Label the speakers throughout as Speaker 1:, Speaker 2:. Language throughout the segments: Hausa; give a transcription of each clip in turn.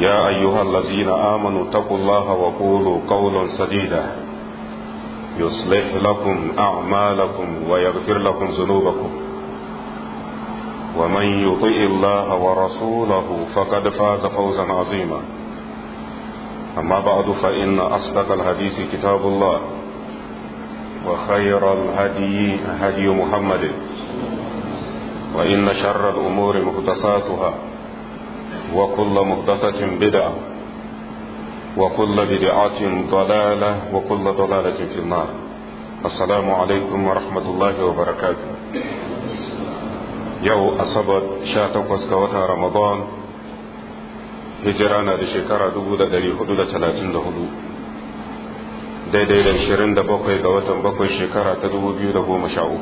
Speaker 1: يا أيها الذين آمنوا اتقوا الله وقولوا قولا سديدا يصلح لكم أعمالكم ويغفر لكم ذنوبكم ومن يطئ الله ورسوله فقد فاز فوزا عظيما أما بعد فإن أصدق الحديث كتاب الله وخير الهدي هدي محمد وإن شر الأمور مقتصاتها وكل مهدسة بدعة وكل بدعة ضلالة وكل ضلالة في النار السلام عليكم ورحمة الله وبركاته يو أصبت شاتك وسكوتها رمضان هجرانا لشكرة دبودة دلي حدود ثلاثين دهدو daidai da 27 ga watan bakwai shekara ta 2013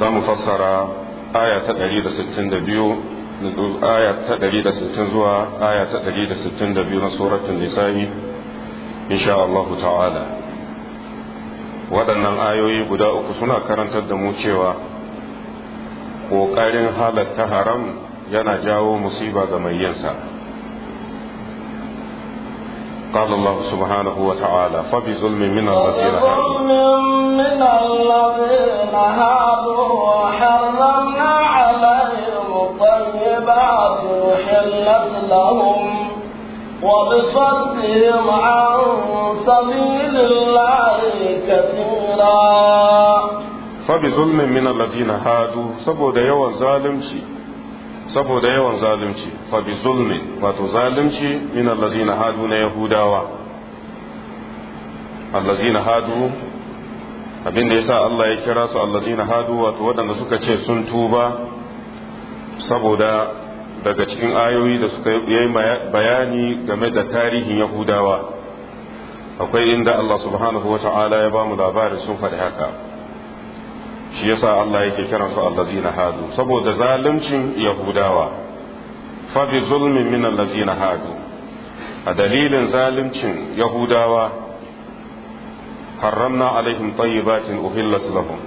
Speaker 1: za mu fassara aya ta 162 aya ta ɗari da sittin zuwa aya ta ɗari da da sittin biyu na suratun nisa'i insha Allah ta'ala waɗannan ayoyi guda uku suna karantar da mu cewa ƙoƙarin halatta haram yana jawo musiba ga mai yinsa قال الله سبحانه وتعالى فبظلم من الذين هادوا
Speaker 2: من الذين هادوا وحرمنا عليهم الطيبات أحلت لهم وبصدهم عن سبيل الله كثيرا
Speaker 1: فبظلم من الذين هادوا saboda yawan zalunci saboda yawan zalunci fa zulmin wato zalunci min allazina hadu na yahudawa allazina hadu abinda yasa Allah ya kira su allazina hadu wato waɗanda suka ce sun tuba saboda daga cikin ayoyi da suka yi bayani game da tarihin yahudawa akwai inda Allah subhanahu wa ta'ala ya ba mu labarin sun faɗi haka shi yasa Allah yake kiran su allazina hadu saboda zaluncin yahudawa fa bi zulmin min allazina hadu a dalilin zaluncin yahudawa harramna alaihim tayyibatin uhillat lahum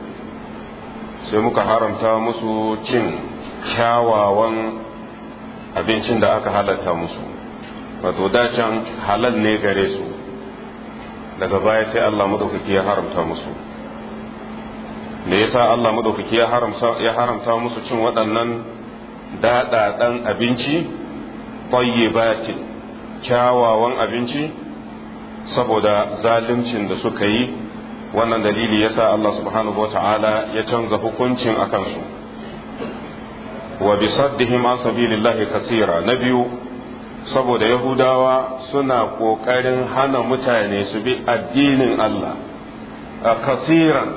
Speaker 1: sai muka haramta musu cin kyawawan abincin da aka halatta musu wato dacan halal ne gare su daga baya sai Allah madaukaki ya haramta musu me yasa Allah madaukaki ya haramta ya haramta musu cin waɗannan daɗaɗan abinci tayyibatin kyawawan abinci saboda zaluncin da suka yi wannan dalili yasa Allah subhanahu wa ta'ala ya canza hukuncin akan su wa bi saddihim an sabilillahi kasira na biyu saboda yahudawa suna kokarin hana mutane su bi addinin Allah a kasiran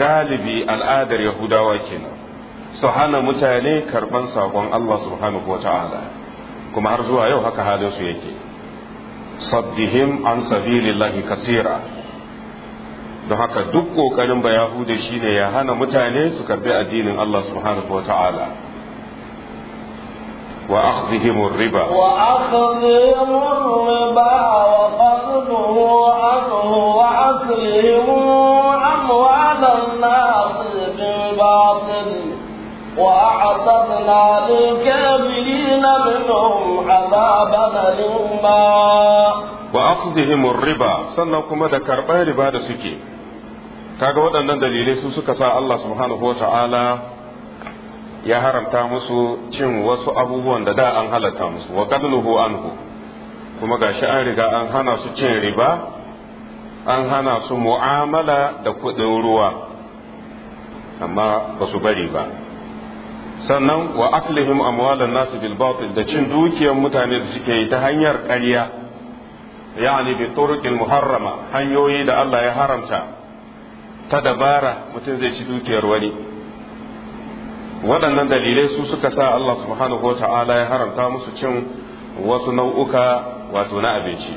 Speaker 1: galibi al'adar yahudawa kenan su hana mutane karban sakon Allah subhanahu wa ta'ala kuma har zuwa yau haka halin su yake saddihim an sabilillahi kasira don haka duk kokarin ba yahuda shine ya hana mutane su karbi addinin Allah subhanahu wa ta'ala وأخذهم الربا
Speaker 2: وأخذهم الربا وقصده عنه وأكلهم أموال الناس بالباطل وأعتدنا للكافرين منهم عذابا أليما
Speaker 1: وأخذهم الربا سنكم ذكر الربا سكي kaga waɗannan dalilai su suka sa Allah subhanahu wa ta'ala ya haramta musu cin wasu abubuwan da da an halatta musu wa qadluhu anhu kuma gashi an riga an hana su cin riba an hana su mu'amala da kuɗin ruwa amma ba su bari ba sannan wa aklihim amwalan nasu bil batil da cin dukiyar mutane da suke yi ta hanyar ƙarya yani bi muharrama hanyoyi da Allah ya haramta ta dabara mutum zai ci dukiyar wani waɗannan dalilai su suka sa Allah subhanahu wa ta'ala ya haramta musu cin wasu nau'uka wato na abinci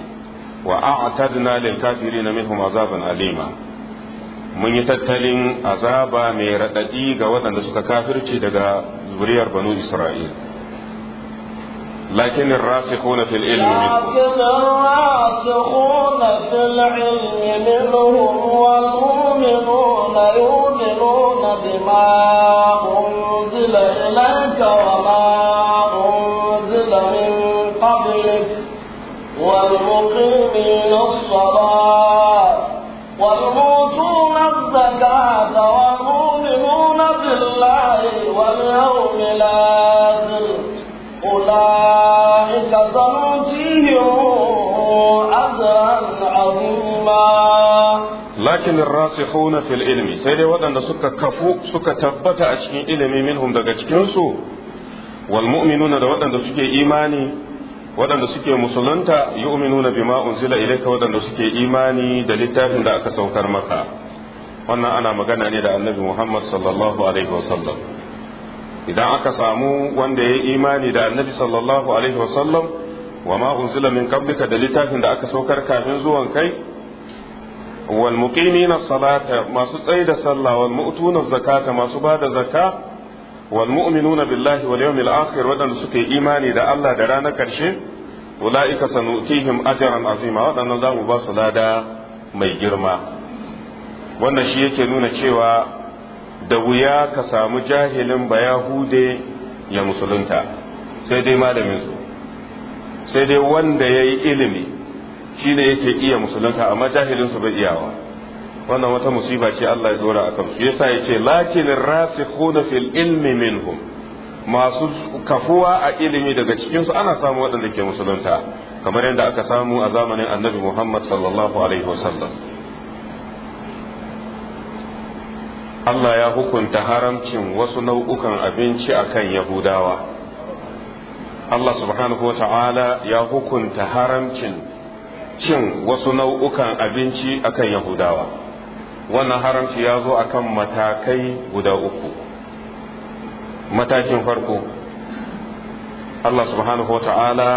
Speaker 1: wa a'tadna lil kafirin minhum azaban alima mun yi tattalin azaba mai raɗaɗi ga waɗanda suka kafirci daga zuriyar banu Isra'il لكن الراسخون في العلم
Speaker 2: لكن الراسخون في العلم منهم والمؤمنون يؤمنون بما أنزل إليك وما أنزل من قبلك والمقيمين الصلاة والموتون الزكاة والمؤمنون بالله واليوم الآخر
Speaker 1: lakin rasihuna fil ilmi sai dai waɗanda suka kafu suka tabbata a cikin ilimi minhum daga cikinsu su wal mu'minuna da waɗanda suke imani waɗanda suke musulunta yu'minuna bima unzila ilayka waɗanda suke imani da littafin da aka saukar maka wannan ana magana ne da annabi Muhammad sallallahu alaihi wasallam idan aka samu wanda ya yi imani da annabi sallallahu alaihi wasallam wa ma unzila min qablika da littafin da aka saukar kafin zuwan kai wal muqimina salata masu tsayi sallah wal zakata masu ba da zakka wal billahi wal yawmil akhir wadanda suke imani da Allah da ranar karshe ulaika sanutihim ajran azima wadannan za mu ba su lada mai girma wannan shi yake nuna cewa da wuya ka samu jahilin bayahude ya musulunta sai dai malamin sai dai wanda ya yi ilimi Shi ne yake iya musulunta amma jahilin su bai iyawa wannan wata musiba ce Allah ya dora akan su yasa yace lakin rasikhuna fil ilmi minhum masu kafuwa a ilimi daga cikin su ana samu waɗanda ke musulunta kamar yadda aka samu a zamanin annabi Muhammad sallallahu alaihi wasallam Allah ya hukunta haramcin wasu nau'ukan abinci akan Yahudawa Allah subhanahu wa ta'ala ya hukunta haramcin cin wasu nau'ukan abinci akan yahudawa wannan haramci ya zo akan matakai guda uku matakin farko Allah subhanahu wa ta'ala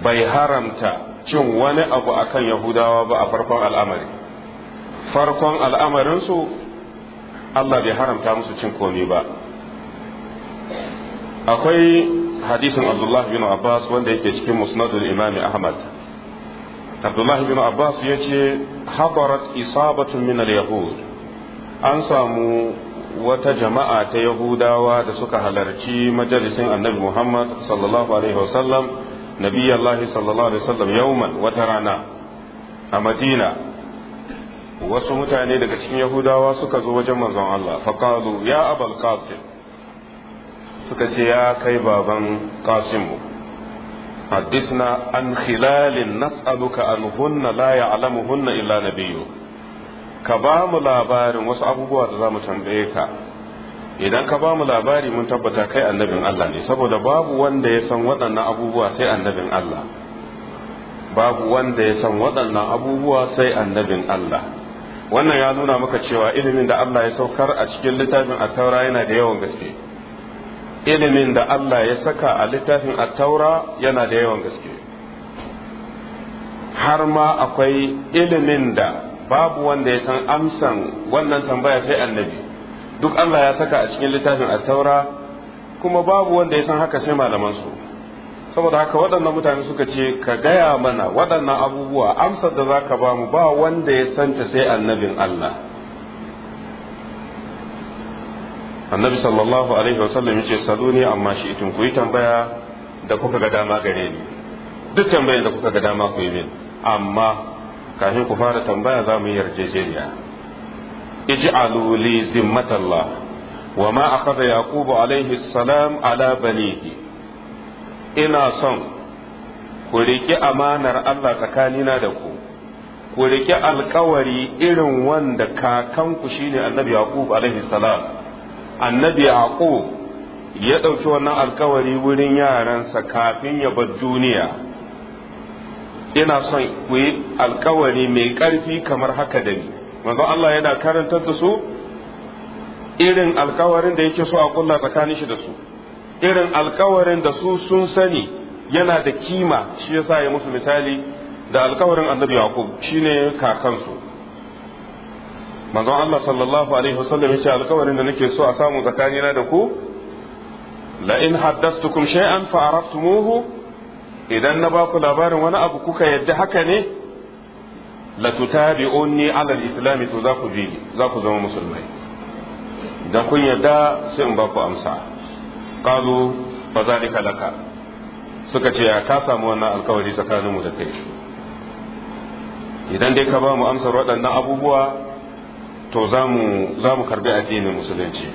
Speaker 1: bai haramta cin wani abu akan yahudawa ba a farkon al'amari farkon al'amarinsu Allah bai haramta musu cin komi ba akwai hadisin abdullah bin abbas wanda yake cikin musnadul imami ahmad abdullahi bin abbas ya ce habarat isabatun min yahud an samu wata jama'a ta yahudawa da suka halarci majalisin annabi muhammad sallallahu alaihi wasallam nabi allahi sallallahu alaihi wasallam yauman wata rana a madina wasu mutane daga cikin yahudawa suka zo wajen manzon allah faqalu ya abal qasim suka ce ya kai baban qasim حدثنا عن خلال نسألك عنهن لا يعلمهن إلا biyu. ka لابار mu labarin wasu da za mu idan ka bamu labari mun tabbata kai annabin Allah ne saboda babu wanda ya san waɗannan abubuwa sai annabin Allah babu wanda ya san waɗannan abubuwa sai annabin Allah wannan ya nuna maka cewa ilimin da Allah ya saukar a cikin littafin a taura yana da yawan gaske ilimin da Allah ya saka a littafin attaura yana da yawan gaske har ma akwai ilimin da babu wanda ya san amsan wannan tambaya sai annabi duk Allah ya saka a cikin littafin attaura kuma babu wanda ya san haka sai malamansu saboda haka waɗannan mutane suka ce ka gaya mana waɗannan abubuwa amsar da za ka ba mu ba wanda ya santa sai annabin Allah annabi sallallahu alaihi wasallam yace saluni amma shi itun ku yi tambaya da kuka ga dama gare ni duk tambayar da kuka ga dama ku yi min amma kafin ku fara tambaya za mu yi yarjejeniya ij'alu li zimmatallah wa ma akhadha yaqub alaihi salam ala banihi ina son ku riki amanar Allah tsakanina da ku ku riki alkawari irin wanda kakanku shine annabi yaqub alaihi salam annabi aqo ya ɗauki wannan alkawari wurin yaransa kafin ya bar duniya ina son ku yi alkawari mai ƙarfi kamar haka da ni manzo Allah yana karantar da su irin alkawarin da yake so a kulla tsakanin shi da su irin alkawarin da su sun sani yana da kima shi yasa ya musu misali da alkawarin annabi yaqub shine kakansu manzon Allah sallallahu alaihi wasallam ya ce alkawarin da nake so a samu tsakanina da ku la in haddastukum shay'an fa araftumuhu idan na baku labarin wani abu kuka yadda haka ne la tutabi'unni ala al zaku to za ku bi za ku zama musulmai Da kun yadda sai in baku amsa qalu fa zalika laka suka ce ya ka samu wannan alkawari tsakaninmu da kai idan dai ka ba mu amsar waɗannan abubuwa to za mu karbi addinin musulunci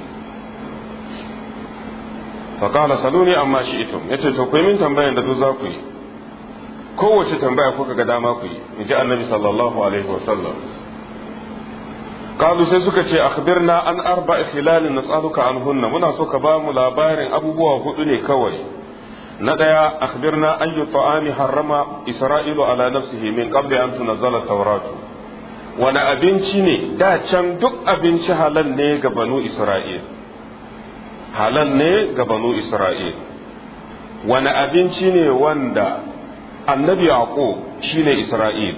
Speaker 1: faƙala saluni amma shi ito ya ce to kuyi min tambayan da za ku yi kowace tambaya kuka ga dama ku yi in ji annabi sallallahu alaihi wasallam kalu sai suka ce akhbirna an arba tsaluka nas'aluka anhunna muna so ka ba mu labarin abubuwa hudu ne kawai na daya akhbirna ayyu ta'ami harrama isra'ilu ala nafsihi min qabli an tunzala tawratu wani abinci ne da can duk abinci halal ne ga banu isra'il halal ne ga banu isra'il wani abinci ne wanda annabi shi shine isra'il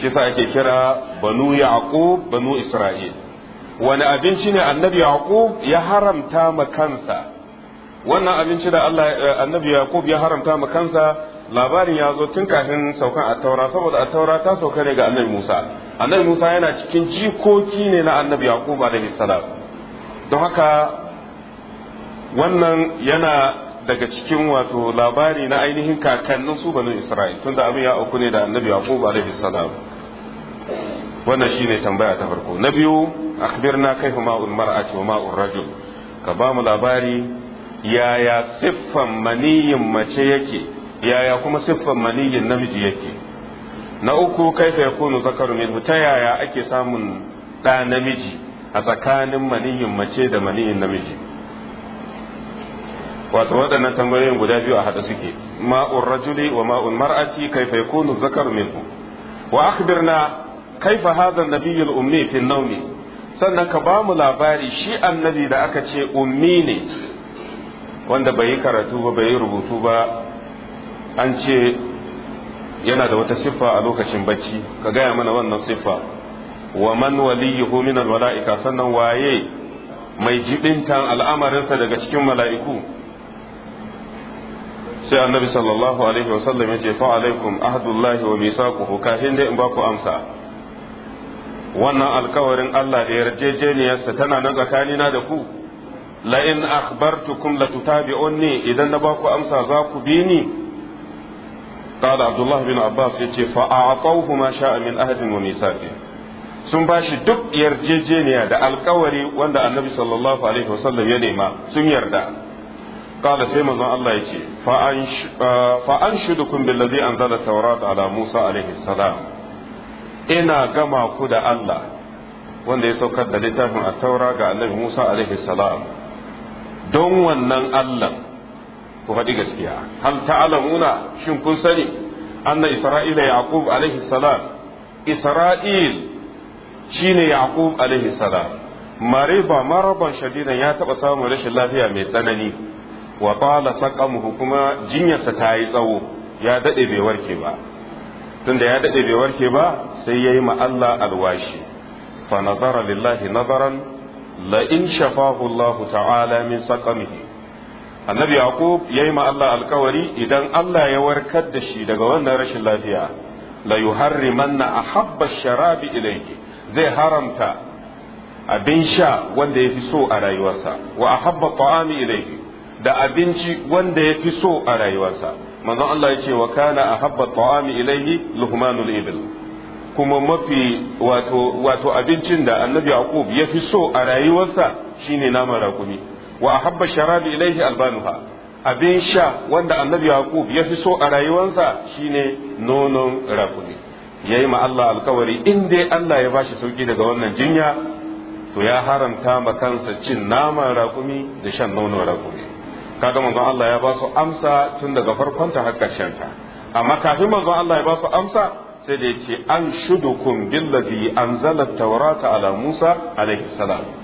Speaker 1: shi sa ake kira banu yaqub banu isra'il wani abinci ne annabi yaqub ya haramta ma kansa wannan abinci da Allah eh, annabi yaqub ya haramta ma kansa labarin ya zo tun kafin saukan attaura saboda attaura ta sauka ne ga annabi musa annabi Musa yana cikin jikoki ne na annabi Yaqub alaihi salam don haka wannan yana daga cikin wato labari na ainihin kakannin su banu Isra'il tun da abin ya auku ne da annabi Yaqub alaihi salam wannan shine tambaya ta farko na biyu akhbirna kayfa ma'ul mar'ati wa ma'ul rajul ka ba mu labari yaya siffan maniyin mace yake yaya kuma siffan maniyin namiji yake na uku kaifa kunu zakaru minhu ta yaya ake samun ɗa namiji a tsakanin maniyin mace da maniyin namiji wato waɗannan tambayoyin guda biyu a haɗa suke ma'un rajuli wa ma'un mar'ati kaifa kunu zakaru minhu wa akhbirna kaifa hadha nabiyyu al-ummi fi an-nawmi sannan ka ba mu labari shi annabi da aka ce ummi ne wanda bai yi karatu ba bai yi rubutu ba an ce yana da wata siffa a lokacin bacci ka gaya mana wannan siffa wa man waliyuhu min almalaika sannan waye mai jibintan al'amarinsa daga cikin mala'iku sai annabi sallallahu alaihi wasallam ya ce fa alaikum ahdullahi wa misaquhu kafin dai in ba ku amsa wannan alkawarin Allah da yarjejeniyarsa tana nan tsakanina da ku la in akhbartukum latutabi'unni idan na ba ku amsa za ku bi ni قال عبد الله بن عباس يتي فأعطوه ما شاء من أهد وميثاق sun ba shi duk yarjejeniya da alkawari wanda annabi sallallahu alaihi wasallam ya nema sun yarda sai Allah قال سيما زن الله يتي فأنشدكم بالذي أنزل ala Musa alaihi عليه السلام إنا كما da Allah wanda ya saukar da littafin a taura ga annabi Musa alaihi salam don wannan Allah ku faɗi gaskiya hal ta'lamuna shin kun sani anna isra'ila yaqub alaihi salam isra'il shine yaqub alaihi salam mariba maraban shadidan ya taɓa samun rashin lafiya mai tsanani wa qala saqamuhu kuma jinyarsa ta yi tsawo ya dade bai warke ba tunda ya dade bai warke ba sai yayi ma Allah alwashi fa nazara lillahi nazaran la in shafahu Allah ta'ala min saqamihi annabi yaqub yayi ma Allah alkawari idan Allah ya warkar da shi daga wannan rashin lafiya la yuharrimanna ahabba sharabi ilayhi zai haramta abin sha wanda yafi so a rayuwarsa wa ahabba ta'ami ilayhi da abinci wanda yafi so a rayuwarsa manzon Allah yace wa kana ahabba ta'ami ilayhi luhmanul ibil kuma mafi wato wato abincin da annabi yaqub yafi so a rayuwarsa shine naman rakumi wa ahabba sharabi ilaihi albanuha abin sha wanda annabi yaqub ya fi so a rayuwarsa shine nonon rakumi yayi ma Allah alkawari in dai Allah ya bashi sauki daga wannan jinya to ya haramta ma kansa cin naman rakumi da shan nonon rakumi kaga manzon Allah ya ba su amsa tun daga farkon ta har ƙarshen ta amma kafin manzon Allah ya ba su amsa sai da ya ce an shudukum billazi anzala tawrata ala Musa alaihi salam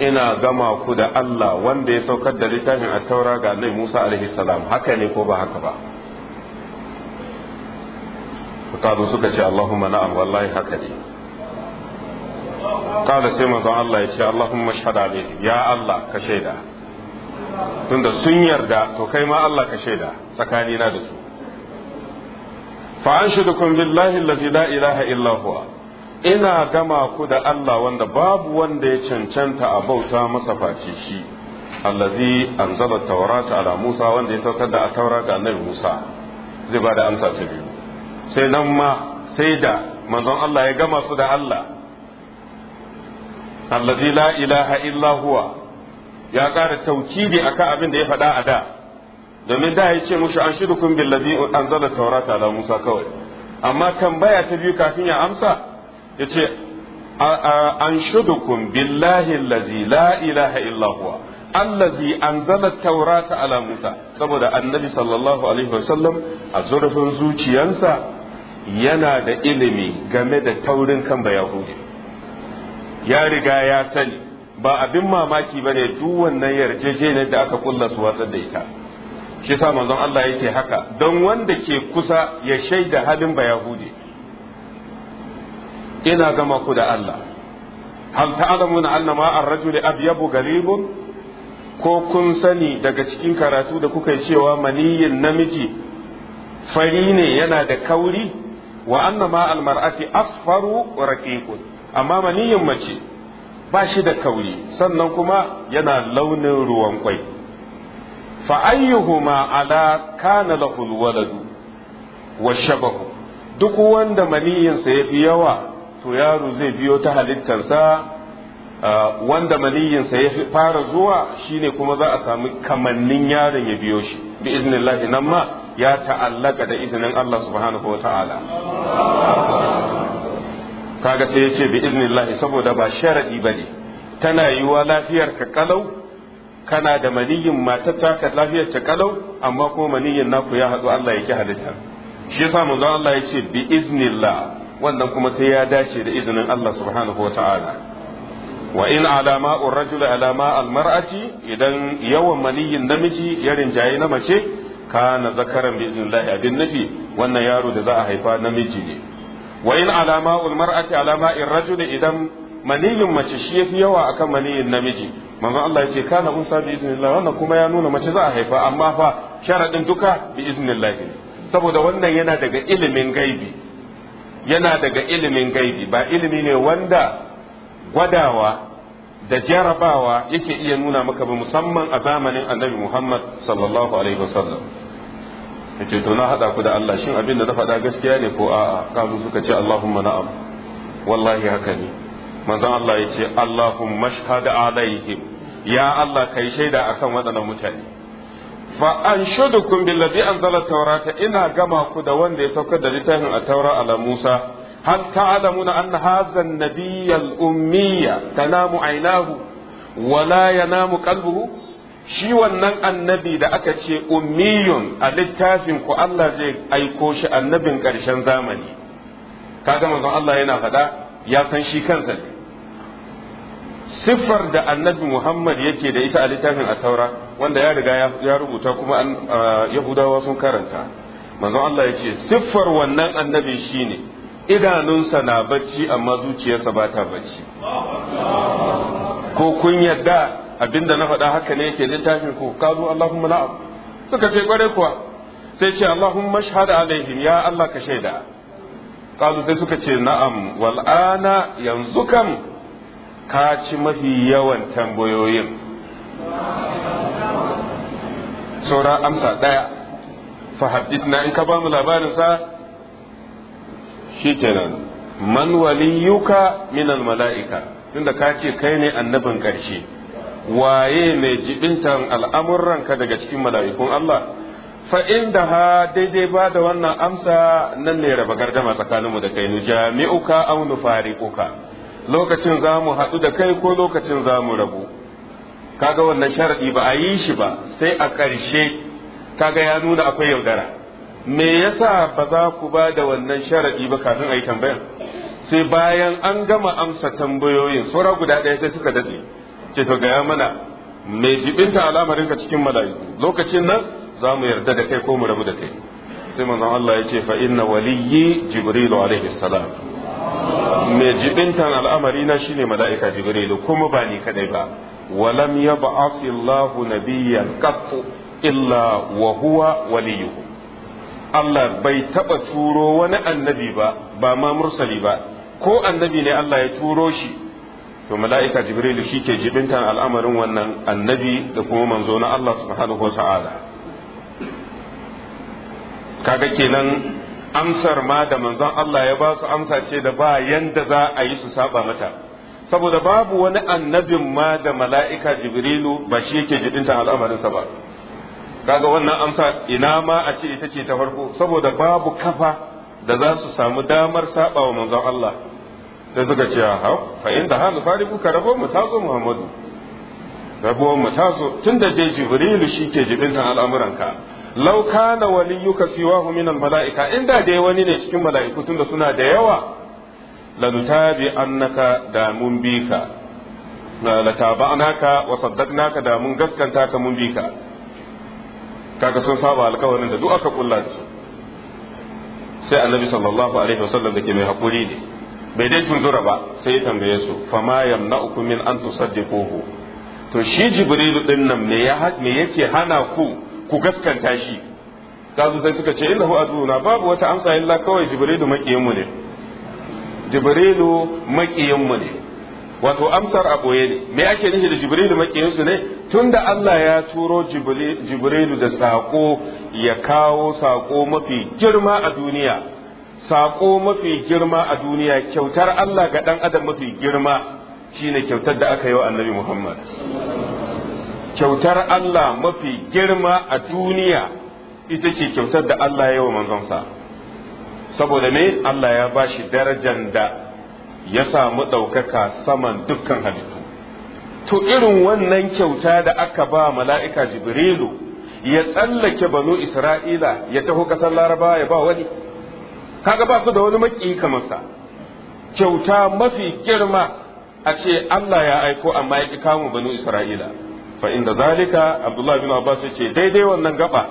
Speaker 1: ina gama ku da Allah wanda ya saukar da littafin a taura ga Annabi Musa alaihi salam haka ne ko ba haka ba kazo suka ce Allahumma na'am wallahi haka ne kada sai manzon Allah ya ce Allahumma shahad alaihi ya Allah ka shaida tunda sun yarda to kai ma Allah ka shaida tsakanina da su fa anshidukum billahi allazi la ilaha illa huwa ina gama ku da Allah wanda babu wanda ya cancanta a bauta masa face shi allazi anzala tawrata ala Musa wanda ya saukar da taura ga annabi Musa zai ba da amsa ta biyu sai nan ma sai da manzon Allah ya gama su da Allah allazi la ilaha illa huwa ya ƙara taukidi akan abin da ya faɗa a da domin da ya ce mushi an shirukum billazi anzala tawrata ala Musa kawai amma tambaya ta biyu kafin ya amsa yace shudukum billahi allazi la ilaha illa huwa allazi anzala taurata ala musa saboda annabi sallallahu alaihi wasallam a zurfin zuciyarsa yana da ilimi game da taurin kan bayahudi ya riga ya sani ba abin mamaki bane duk wannan yarjejeniyar da aka kulla su watsar da ita shi sa manzon Allah yake haka don wanda ke kusa ya shaida halin bayahudi ina zama ku da Allah hal na anna ma ar-rajul abyabu galibun ko kun sani daga cikin karatu da kuka yi cewa maniyin namiji fari ne yana da kauri wa anna ma al-mar'ati asfaru raqiqun amma maniyin mace ba shi da kauri sannan kuma yana launin ruwan kwai fa ayyuhuma ala kana lahu al-waladu wa shabahu duk wanda maniyyinsa ya fi yawa to yaro zai biyo ta halittarsa wanda maniyinsa ya fara zuwa shine kuma za a samu kamannin yaron ya biyo shi bi iznillahi nan ma ya ta'allaka da izinin Allah subhanahu wa ta'ala kaga sai yace bi iznillahi saboda ba sharadi bane tana yiwa lafiyar ka kalau kana da maniyin matar ka lafiyar ta kalau amma ko maniyin naku ya haɗu Allah ya halitta shi yasa manzo Allah ya ce bi iznillah wannan kuma sai ya dace da izinin Allah subhanahu wa ta'ala wa in alama rajul alama almar'ati idan yawan maniyin namiji ya rinjaye na mace kana zakaran bi iznillahi abin nufi wannan yaro da za a haifa namiji ne wa in alama almar'ati alama rajul idan maniyin mace shi yafi yawa akan maniyin namiji manzon Allah yace kana unsa bi iznillah wannan kuma ya nuna mace za a haifa amma fa sharaɗin duka bi iznillahi saboda wannan yana daga ilimin gaibi yana daga ilimin gaibi ba ilimi ne wanda gwadawa da jarabawa yake iya nuna maka ba musamman a zamanin annabi Muhammad sallallahu alaihi wasallam yace to na hada ku da Allah shin abin da na faɗa gaskiya ne ko a'a kamu suka ce Allahumma na'am wallahi haka ne manzon Allah yace Allahumma shhad alaihim ya Allah kai shaida akan waɗannan mutane fa an bi Ladi anzala tawrata ina gama ku da wanda ya saukar da littafin a taura ala Musa hal ta'lamuna anna hadha an-nabiyya al-ummiyya tanamu aynahu wa la yanamu qalbuhu shi wannan annabi da aka ce ummiyun a littafin ku Allah zai aiko shi annabin ƙarshen zamani kaga manzon Allah yana faɗa ya san shi kansa ne siffar da annabi Muhammad yake da ita a littafin a taura wanda ya riga ya rubuta kuma yahudawa sun karanta manzo Allah ya ce siffar wannan annabi shine idanunsa na bacci amma zuciyarsa ba ta bacci ko kun yadda abinda na faɗa haka ne yake littafin ko. kazu Allahumma na'am suka ce kware kuwa sai ce Allahumma shahada alaihim ya Allah ka shaida kazu sai suka ce na'am wal'ana yanzu kam ka ci mafi yawan tambayoyin saura amsa ɗaya fahaddithna in ka ba mu labarin sa kenan man waliyuka minal mala'ika tunda ka ce kai ne annabin ƙarshe waye mai jibintan al'amuranka daga cikin mala'ikun Allah fa'in da ha daidai ba da wannan amsa nan ne raba gardama tsakaninmu da kai nu jami'uka au nufari'uka lokacin za mu haɗu da kai ko lokacin za mu rabu kaga wannan sharaɗi ba a yi shi ba sai a ƙarshe kaga ya nuna akwai yaudara me yasa ba za ku ba da wannan sharaɗi ba kafin a yi tambayar sai bayan an gama amsa tambayoyin saura guda ɗaya sai suka datse ce to gaya mana mai jibinta al'amarinka cikin mala'iku lokacin nan za mu yarda da kai ko mu rabu da kai sai manzon Allah ya ce fa inna waliyyi jibrilu alaihi salam mai jibintan al'amari na shine mala'ika jibrilu kuma ba ni kadai ba walam yab'ath Allahu nabiyyan qat illa wa huwa waliyuhu Allah bai taba turo wani annabi ba ba ma mursali ba ko annabi ne Allah ya turo shi to mala'ika jibrilu ke jibintan al'amarin wannan annabi da kuma manzo na Allah subhanahu wa ta'ala kaga kenan amsar ma da manzon Allah ya ba su amsa ce da ba yanda za a yi su saba mata saboda babu wani annabin ma da mala'ika jibrilu ba shi yake jibinta al'amarinsa ba kaga wannan amsa ina ma a ce ita ce ta farko saboda babu kafa da za su samu damar saba wa manzon Allah da suka ce ha fa inda ha nufaribu ka rabo mu tazo Muhammadu rabo mu tazo tunda dai jibrilu shi ke jibinta al'amuranka law kana waliyuka siwahu min almalaika inda dai wani ne cikin mala'iku tunda suna da yawa lanutabi annaka da mun bika la taba'naka wa saddaqnaka da mun gaskanta ka mun bika kaga sun saba alkawarin da duk aka kulla da su sai annabi sallallahu alaihi wasallam da ke mai hakuri ne bai dai tunzura ba sai ya tambaye su ma yamna'ukum min an tusaddiquhu to shi jibrilu din nan me ya me yake hana ku ku gaskanta shi kazu sai suka ce innahu azuna babu wata amsa illa kawai jibrilu makiyin ne jibrilu makiyin ne wato amsar a boye ne me ake nufi da jibrilu makiyin ne tunda Allah ya turo jibrilu da sako ya kawo sako mafi girma a duniya sako mafi girma a duniya kyautar Allah ga dan adam mafi girma shine kyautar da aka yi wa annabi Muhammad kyautar Allah mafi girma a duniya ita ce kyautar da Allah ya yi wa manzonsa saboda ne Allah ya ba shi darajar da ya samu ɗaukaka saman dukkan halittu to irin wannan kyauta da aka ba mala'ika jibrilu ya tsallake banu isra'ila ya taho ƙasar laraba ya ba wani kaga ba su da wani maki kamarsa kyauta mafi girma a ce Allah ya aiko amma ya ƙi kamun banu isra'ila fa inda zalika abdullah bin abbas yace daidai wannan gaba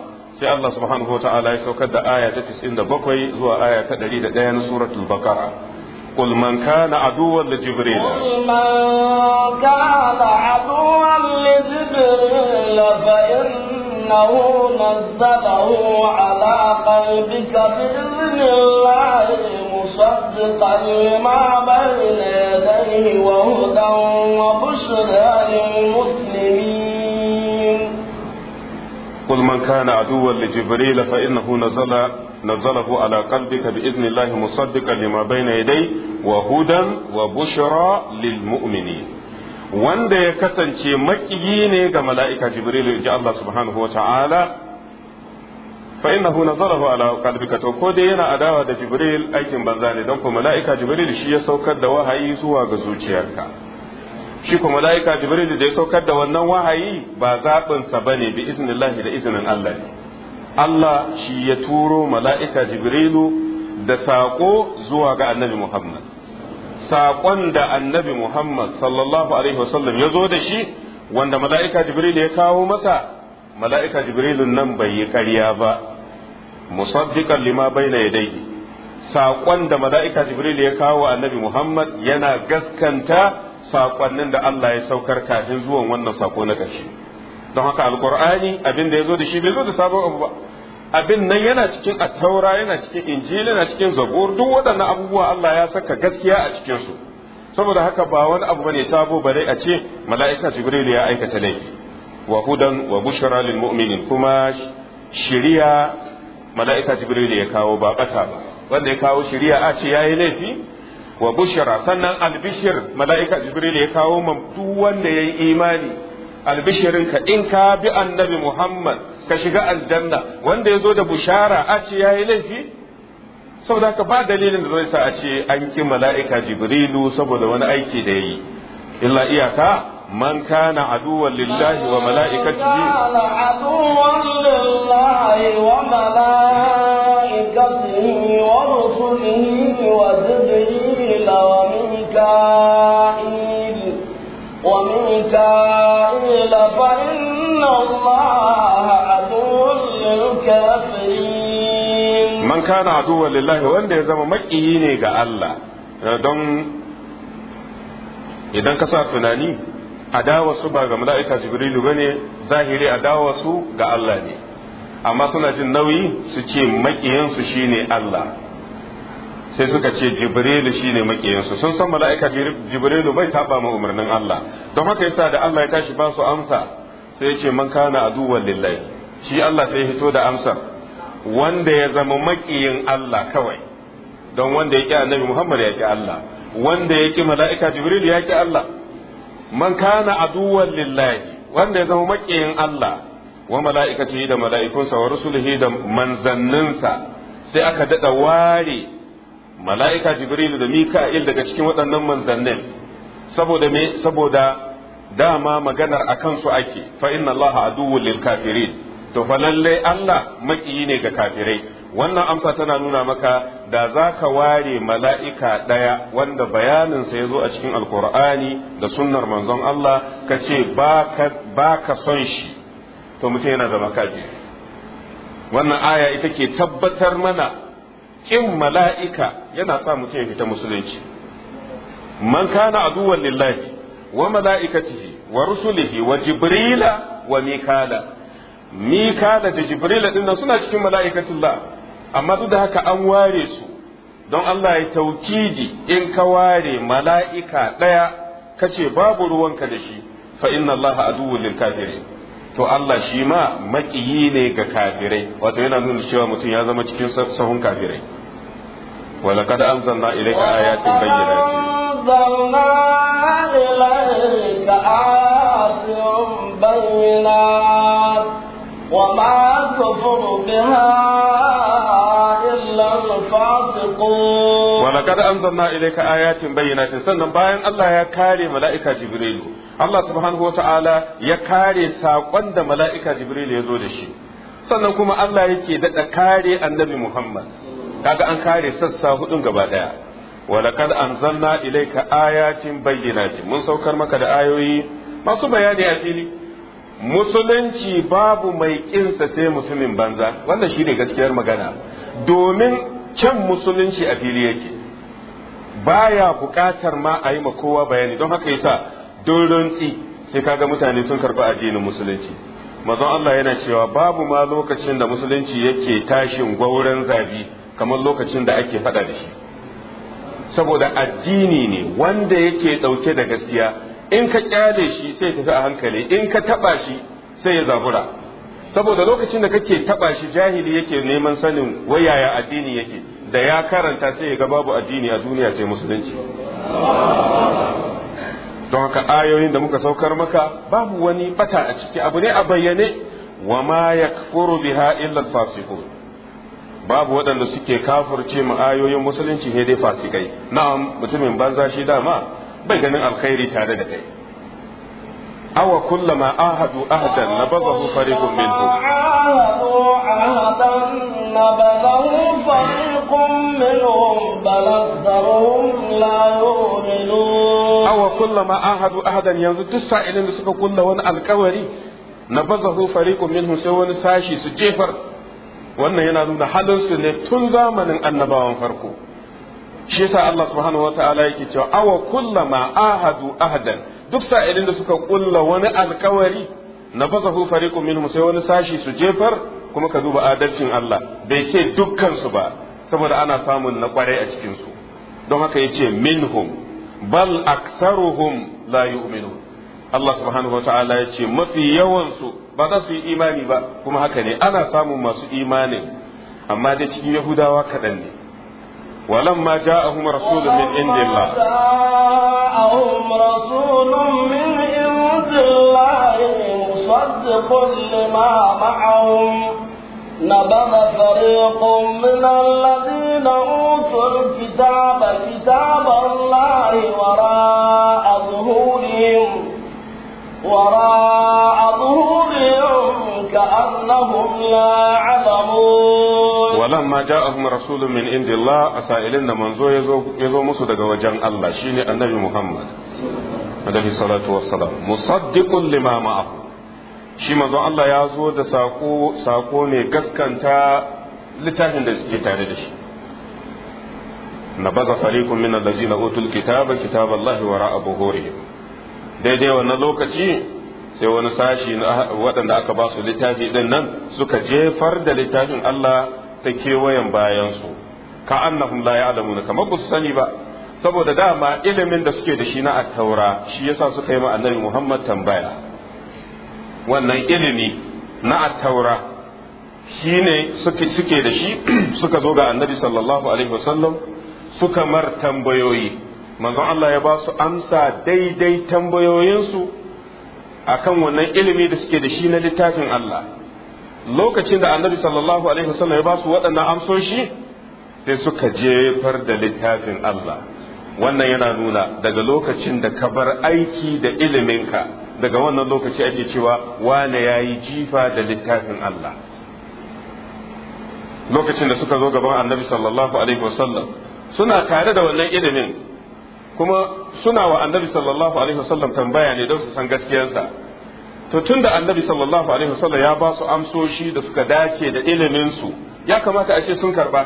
Speaker 1: sai Allah subhanahu wa ya saukar da aya ta 97 zuwa aya ta 101 na suratul baqara قل من كان عدوا لجبريل قل
Speaker 2: من كان عدوا لجبريل فإنه نزله على قلبك بإذن الله مصدقا لما بين يديه وهدى وبشرى للمسلمين
Speaker 1: من كان عدوا لجبريل فإنه نزل نزله على قلبك بإذن الله مصدقا لما بين يديه وهدى وبشرى للمؤمنين wanda ya kasance makiyi ne ga mala'ika jibrilu in ji Allah subhanahu wa ta'ala fa innahu nazalahu ala qalbika to ko dai yana adawa da jibril aikin banza ne don ko mala'ika jibril shi ya saukar da wahayi zuwa ga zuciyarka shi ko mala'ika jibril da ya saukar da wannan wahayi ba zaɓinsa ba ne bi iznillahi da iznin Allah ne Allah shi ya turo mala'ika jibrilu da saƙo zuwa ga annabi Muhammad saƙon da annabi Muhammad sallallahu alaihi wasallam ya zo da shi wanda mala'ika jibril ya kawo masa mala'ika jibril nan bai yi ƙarya ba musaddiqan lima bayna yadayhi saƙon da mala'ika jibril ya kawo annabi Muhammad yana gaskanta saƙonnin da Allah ya saukar kafin zuwan wannan saƙo na ƙarshe don haka alƙur'ani abin da ya zo da shi bai zo da sabon abu ba abin nan yana cikin attaura yana cikin injili yana cikin zabur duk waɗannan abubuwa Allah ya saka gaskiya a cikin su saboda haka ba wani abu bane sabo bare a ce mala'ika jibril ya aikata laifi wa hudan wa bushra lil mu'minin kuma shiriya mala'ika jibril ya kawo ba ba wanda ya kawo shiriya a ce yayi laifi wa Bushara sannan albishir mala'ika jibril ya kawo ma duk wanda yayi imani albishirin ka in ka bi annabi muhammad ka shiga aljanna wanda yazo da bushara a ce yayi laifi saboda ka ba dalilin da zai sa a ce an ki mala'ika jibrilu saboda wani aiki da yayi illa iyaka man kana aduwan lillahi wa mala'ikatihi aduwan
Speaker 2: lillahi wa mala'ikatihi wa rusulihi Manka na فإن الله عدو للكافرين
Speaker 1: من كان عدوا لله وأن يزم مكيين الله tunani adawa su ba ga mala'ika jibrilu bane zahiri adawa su ga Allah ne amma suna jin nauyi su ce makiyansu shine Allah sai suka ce jibrilu shine makiyansu sun san mala'ika jibrilu bai saba ma umarnin Allah don haka yasa da Allah ya tashi ba su amsa sai ya ce man kana aduwwan lillahi shi Allah sai hito da amsar wanda ya zama makiyin Allah kawai don wanda ya ki annabi Muhammad ya ki Allah wanda ya ki mala'ika jibrilu ya ki Allah man kana aduwwan lillahi wanda ya zama makiyin Allah wa mala'ikatihi da mala'ikunsa wa rusulihi da manzanninsa sai aka dada ware mala'ika jibrilu da mika'il daga cikin waɗannan manzannin saboda me saboda dama maganar a kansu ake fa inna Allah a lil kafirin to fa lalle Allah makiyi ne ga kafirai wannan amsa tana nuna maka da za ka ware mala'ika ɗaya wanda bayaninsa ya zo a cikin alkur'ani da sunnar manzon Allah ka ce ba ka son shi to mutum yana zama kaji wannan aya ita ke tabbatar mana kin mala'ika yana sa mutum ya fita musulunci man kana aduwan lillahi wa mala'ikatihi wa rusulihi wa jibrila wa mikala mikala da jibrila dinnan suna cikin mala'ikatullah amma duk da haka an ware su don Allah ya taukidi in ka ware mala'ika ɗaya kace babu ruwanka da shi fa inna Allah aduwan lil kafirin to Allah shi ma makiyi ne ga kafirai wato yana nuna cewa mutum ya zama cikin sahun kafirai ولقد أنزلنا إليك آيات بينات
Speaker 2: أنزلنا إليك آيات بينات وما تفر بها الفاسقون
Speaker 1: ولقد أنزلنا إليك آيات بينات sannan bayan Allah ya kare mala'ika Jibrilu Allah subhanahu wa ta'ala ya kare saƙon da mala'ika Jibrilu ya zo da shi sannan kuma Allah yake daɗa kare annabi Muhammad kaga an kare sassa hudun gaba ɗaya ولقد أنزلنا إليك آيات بينات mun saukar maka da ayoyi masu bayani a fili musulunci babu mai kinsa sai musulmin banza wannan shine gaskiyar magana domin can musulunci a fili yake baya bukatar ma a yi ma kowa bayani don haka yasa dorontsi sai kaga mutane sun karɓi addinin musulunci mazan Allah yana cewa babu ma lokacin da musulunci yake tashin gwauran zabi kamar lokacin da ake faɗa da shi saboda addini ne wanda yake ɗauke da gaskiya in ka kyale shi sai tafi a hankali in ka taba shi sai ya zabura saboda lokacin da kake taba shi jahili yake neman sanin wayaya addini yake da ya karanta sai ya ga babu addini a duniya sai musulunci don haka ayoyin da muka saukar maka babu wani bata a ciki abu ne a bayyane wa ma yakfuru biha illa fasiqun babu waɗanda suke kafirce mu ayoyin musulunci ne dai fasikai na'am mutumin banza shi dama bai ganin alkhairi tare da kai awa kullama ahadu ahadan nabadahu fariqun minhu
Speaker 2: ahadan nabadahu fariqun minhum bal aktharuhum la yu'minun
Speaker 1: awa kullama ahadu ahadan yanzu duk sa'ilin da suka kulla wani alkawari nabazahu fariqun minhum sai wani sashi su jefar wannan yana nuna halin su ne tun zamanin annabawan farko shi yasa Allah subhanahu wataala yake cewa awa kullama ahadu ahadan duk sa'ilin da suka kulla wani alkawari na bazahu fariqu minhum sai wani sashi su jefar kuma ka duba adalcin Allah bai ce dukkan su ba saboda ana samun na kwarai a cikin su don haka yace minhum bal aktsaruhum la yu'minu Allah subhanahu wataala yace mafi yawan su ba za su yi imani ba kuma haka ne ana samun masu imanin amma da cikin Yahudawa kaɗan ne ولما جاءهم رسول من عند الله
Speaker 2: جاءهم رسول من عند الله مصدق لما معهم نبذ فريق من الذين أوتوا الكتاب كتاب الله وراء ظهورهم وراء ظهورهم كأنهم لا يعلمون
Speaker 1: lamma ja'ahum rasulun min indillah a sa'ilin da manzo ya zo musu daga wajen Allah shine annabi Muhammad alaihi salatu wassalam musaddiqun lima ma'ahu shi manzo Allah ya zo da sako sako ne gaskanta littafin da suke tare da shi nabaza fariqun min allazina utul kitaba kitaballahi wara'a buhurihim daidai wannan lokaci sai wani sashi waɗanda aka ba su littafi din nan suka jefar da littafin Allah ta kewayen bayansu ka annahum la ya'lamuna kamar ba sani ba saboda dama ilimin da suke da shi na attaura shi yasa suka yi annabi Muhammad tambaya wannan ilimi na attaura shi ne suke suke da shi suka zo ga annabi sallallahu alaihi wasallam suka mar tambayoyi manzon Allah ya ba su amsa daidai tambayoyinsu akan wannan ilimi da suke da shi na littafin Allah lokacin da annabi sallallahu alaihi wasallam ya ba su waɗannan amsoshi sai suka jefar da littafin Allah wannan yana nuna daga lokacin da ka bar aiki da iliminka daga wannan lokaci ake cewa wane ya yi jifa da littafin Allah lokacin da suka zo gaban annabi sallallahu alaihi wasallam suna tare da wannan ilimin kuma suna wa annabi sallallahu alaihi wasallam tambaya ne don su san gaskiyarsa to tun da annabi sallallahu alaihi wasallam ya ba su amsoshi da suka dace da ilimin su ya kamata a ce sun karba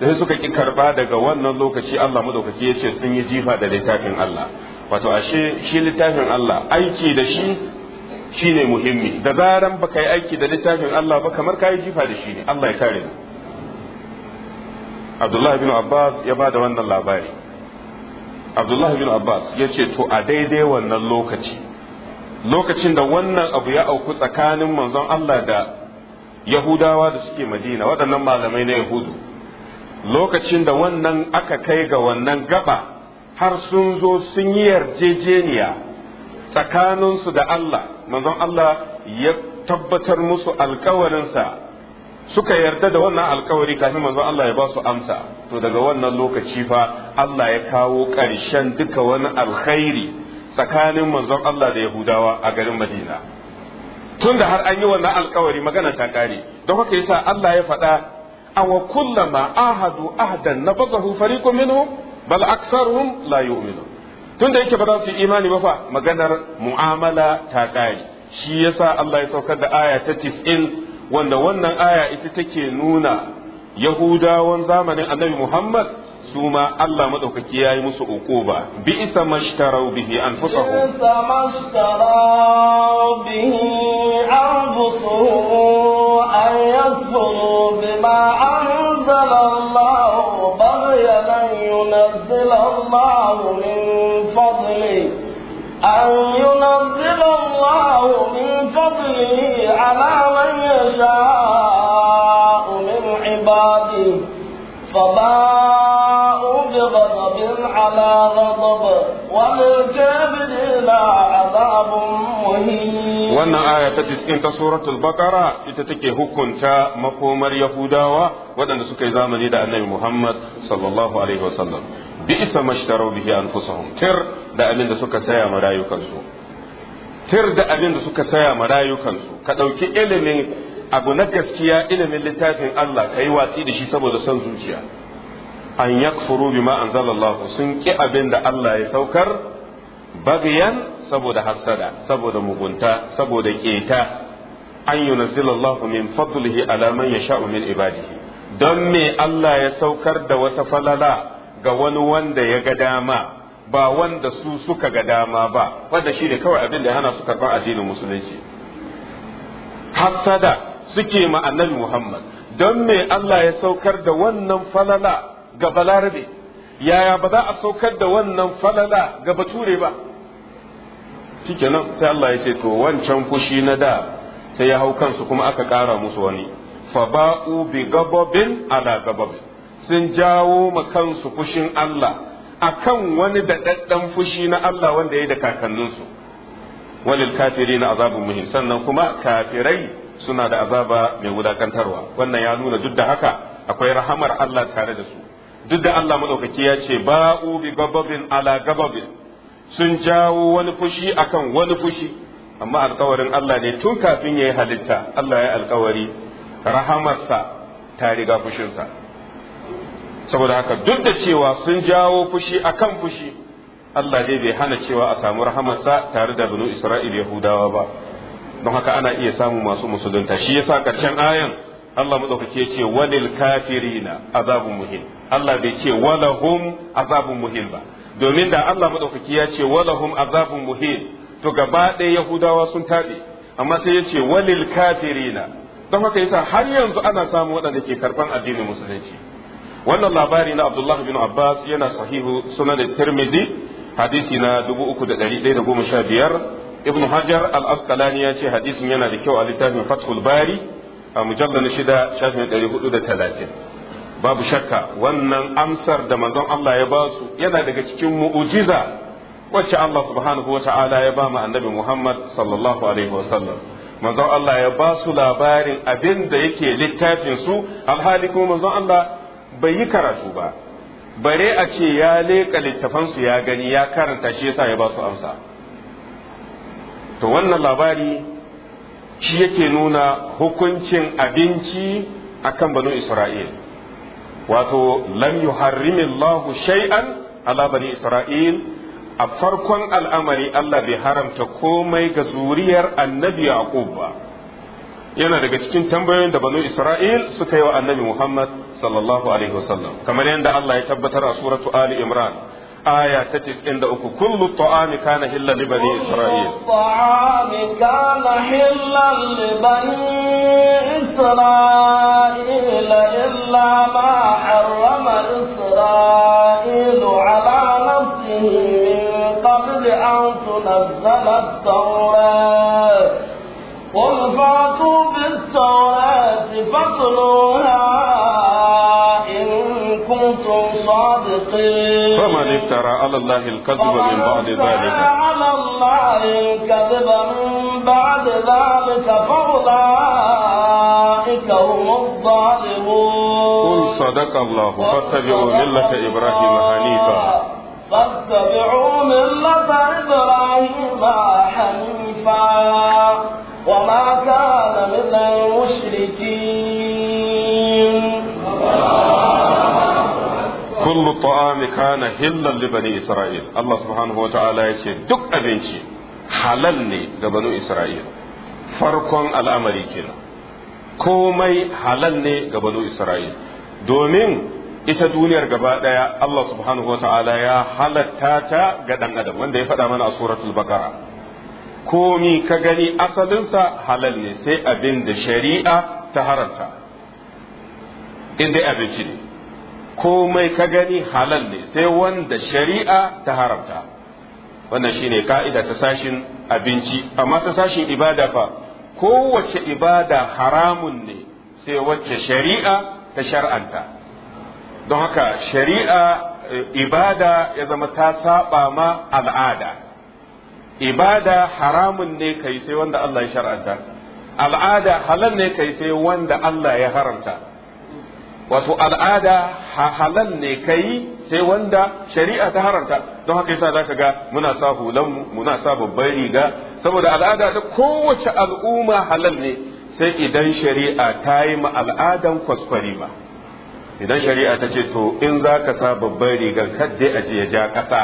Speaker 1: da sai suka ki karba daga wannan lokaci Allah madaukaki ya ce sun yi jifa da littafin Allah wato ashe shi littafin Allah aiki da shi shine muhimmi da zaran ba yi aiki da littafin Allah ba kamar ka yi jifa da shi ne Allah ya kare mu Abdullah bin Abbas ya ba da wannan labari Abdullah bin Abbas ya ce to a daidai wannan lokaci lokacin da wannan abu ya auku tsakanin manzon Allah da Yahudawa da suke Madina waɗannan malamai na Yahudu lokacin da wannan aka kai ga wannan gaba har sun zo sun yi yarjejeniya tsakaninsu da Allah manzon Allah ya tabbatar musu alkawarinsa suka yarda da wannan alkawari kafin manzon Allah ya ba su amsa to daga wannan lokaci fa Allah ya kawo ƙarshen duka wani alkhairi tsakanin manzon Allah da Yahudawa a garin Madina tun da har an yi wannan alkawari magana ta kare don haka yasa Allah ya faɗa wa kullama ahadu ahdan nafazahu fariqun minhum bal aktsaruhum la yu'minu tun da yake ba za su yi imani ba fa maganar mu'amala ta kare shi yasa Allah ya saukar da aya ta 90 wanda wannan aya ita take nuna Yahudawan zamanin Annabi Muhammad su ma Allah madaukaki ya yi musu uquba bi isa mashtarau bihi anfusahum
Speaker 2: isa mashtarau bihi an Allah Allah min fadli على غضب وللكافرين عذاب مهين wannan
Speaker 1: aya ta 90 ta suratul baqara ita take hukunta makomar yahudawa waɗanda suka zamani da annabi Muhammad sallallahu alaihi wasallam bi'sa mashtaraw bihi anfusahum tir da abin da suka saya ma rayukansu tir da abin da suka saya ma rayukansu ka ɗauki ilimin abu na gaskiya ilimin littafin Allah yi watsi da shi saboda son zuciya an yakfuru bima anzalallahu sun ki abin da Allah ya saukar bagiyan saboda hasada saboda mugunta saboda keta an yunzilallahu min fadlihi ala man yasha'u min ibadihi don me Allah ya saukar da wata falala ga wani wanda ya ga dama ba wanda su suka ga dama ba wanda shi ne kawai abin da hana su karɓar addinin musulunci hassada suke ma annabi Muhammad don me Allah ya saukar da wannan falala ga balarabe yaya ba za a saukar da wannan falala ga bature ba Cike nan, sai Allah ya ce to wancan fushi na da sai ya hau kansu kuma aka ƙara musu wani fa ba'u bi gababin ala gabab sun jawo ma kansu fushin Allah akan wani daɗaɗɗen fushi na Allah wanda ya yi da kakanninsu walil kafiri na azabun muhim sannan kuma kafirai suna da azaba mai wulakantarwa wannan ya nuna duk da haka akwai rahamar Allah tare da su duk da Allah maɗaukaki ya ce ba'u bi gababin ala gababin sun jawo wani fushi akan wani fushi amma alkawarin Allah ne tun kafin ya yi halitta Allah ya alkawari rahamarsa ta riga fushinsa saboda haka duk da cewa sun jawo fushi akan fushi Allah dai bai hana cewa a samu rahamarsa tare da binu Isra'il Yahudawa ba don haka ana iya samu masu musulunta shi yasa karshen ayan Allah madaukake ce walil kafirina azabun muhin Allah bai ce walahum azabun muhin ba domin da Allah madaukake ya ce walahum azabun muhin to gaba ɗaya Yahudawa sun tabe amma sai ya ce walil kafirina don haka yasa har yanzu ana samun waɗanda ke karban addinin musulunci wannan labari na Abdullah bin Abbas yana sahihu sunan Tirmidhi hadisi na biyar Ibn Hajar al-Asqalani ya ce hadisin yana da kyau a littafin Fathul Bari a mujallar shida shafin ɗari hudu da talatin babu shakka wannan amsar da manzon Allah ya ba su yana daga cikin mu'ujiza wacce Allah subhanahu wa ta'ala ya ba mu annabi Muhammad sallallahu alaihi wa sallam manzon Allah ya ba su labarin abin da yake littafin su alhali kuma manzon Allah bai yi karatu ba bare a ce ya leƙa littafan su ya gani ya karanta shi yasa ya ba su amsa to wannan labari shi yake nuna hukuncin abinci akan banu isra'il wato lam yuharrimillahu shay'an ala bani isra'il a farkon al'amari Allah bai haramta komai ga zuriyar annabi yaqub ba yana daga cikin tambayoyin da banu isra'il suka yi wa annabi muhammad sallallahu alaihi wasallam kamar yadda Allah ya tabbatar a suratu ali imran آية تتك عند أكو كل الطعام كان حلا لبني إسرائيل كل
Speaker 2: الطعام كان حلا لبني إسرائيل إلا ما حرم إسرائيل على نفسه من قبل أن تنزل التوراة قل فاتوا بالتوراة فاتلوها صادق
Speaker 1: فمن افترى على الله الكذب من بعد ذلك على
Speaker 2: الله الكذب من بعد ذلك فأولئك هم الظالمون قل صدق
Speaker 1: الله فاتبعوا ملة إبراهيم حنيفا
Speaker 2: فاتبعوا ملة إبراهيم حنيفا وما كان من
Speaker 1: ta'ami kana hillan li bani isra'il Allah subhanahu wata'ala ya ce duk abinci halal ne ga banu isra'il farkon al'amari kenan komai halal ne ga banu isra'il domin ita duniyar gaba daya Allah subhanahu wata'ala ya halatta ta ga dan adam wanda ya faɗa mana a suratul baqara komi ka gani asalinsa halal ne sai abin da shari'a ta haranta in dai abinci ne komai ka gani halal ne sai wanda shari'a ta haramta wannan shine ka'ida ta sashin abinci amma ta sashin ibada fa kowace ibada haramun ne sai wacce shari'a ta shar'anta don haka shari'a eh, ibada ya zama ta saba ma al'ada ibada haramun ne kai sai wanda Allah ya shar'anta al'ada halal ne kai sai wanda Allah ya haramta wato al'ada halal ne kai sai wanda shari'a ta haramta don haka yasa zaka ga muna sa hulanmu muna sa babban riga saboda al'ada ta kowace al'umma halal ne sai idan shari'a ta yi ma al'adan kwaskwari ba idan shari'a ta ce to in za ka sa babban rigar kadde a ya ja kasa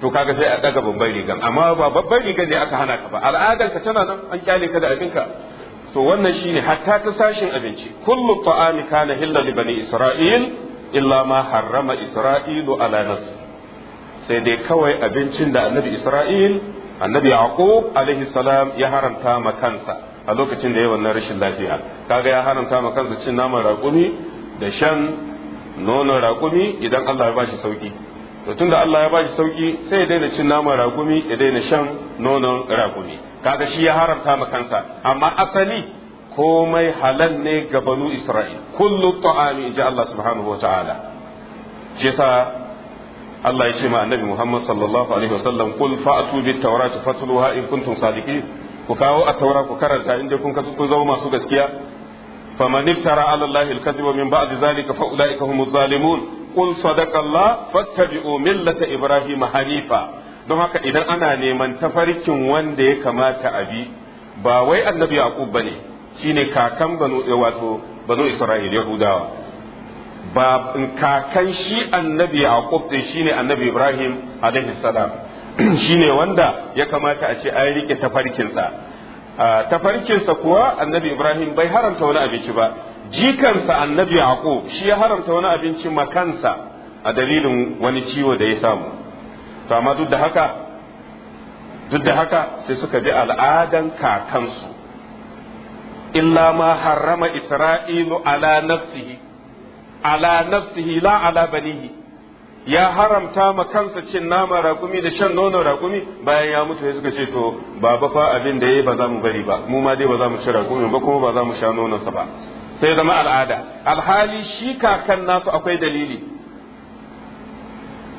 Speaker 1: to kaga sai a daga babban rigar amma ba babban rigar ne aka hana ka ba al'adar ka tana nan an kyale ka da abinka to wannan shine hatta ta sashin abinci kullu ta'ami kana hilla li bani isra'il illa ma harrama isra'ilu ala nafsi sai dai kawai abincin da annabi isra'il annabi yaqub alaihi salam ya haramta ma kansa a lokacin da ya wannan rashin lafiya kaga ya haramta ma kansa cin naman raƙumi da shan nonon raƙumi idan Allah ya bashi sauki to tunda Allah ya bashi sauki sai ya daina cin naman raƙumi ya daina shan nonon raƙumi kaga shi ya haramta ma kansa amma asali komai halal ne ga banu isra'il kullu ta'ami inji Allah subhanahu wa ta'ala shi yasa Allah ya ce ma annabi Muhammad sallallahu alaihi wasallam kul fa'atu bit tawrati fatluha in kuntum sadiqin ku kawo a taura ku karanta inda kun kasu kun zama masu gaskiya faman iftara ala Allah al-kadhiba min ba'd zalika fa ulaika humuz zalimun qul sadaqa Allah fattabi'u millata ibrahima hanifa don haka idan ana neman tafarkin wanda ya kamata a bi ba wai annabi yaqub bane shine kakan banu eh, wato banu isra'il yahudawa ba kakan shi annabi yaqub din shine annabi ibrahim alaihi salam shine wanda ya kamata a ce ai rike tafarkinsa tafarkinsa kuwa annabi ibrahim bai haramta wani abinci ba jikansa annabi yaqub shi ya haramta wani abinci makansa a dalilin wani ciwo da ya samu to amma duk da haka duk da haka sai suka bi al'adan kakansu illa ma harrama isra'ilu ala nafsihi ala nafsihi la ala banihi ya haramta ma kansa cin nama raƙumi da shan nono raƙumi bayan ya mutu ya suka ce to baba fa abin da yayi ba za mu bari ba mu ma dai ba za mu ci raƙumi ba kuma ba za mu sha nononsa ba sai zama al'ada alhali shi kakan nasu akwai dalili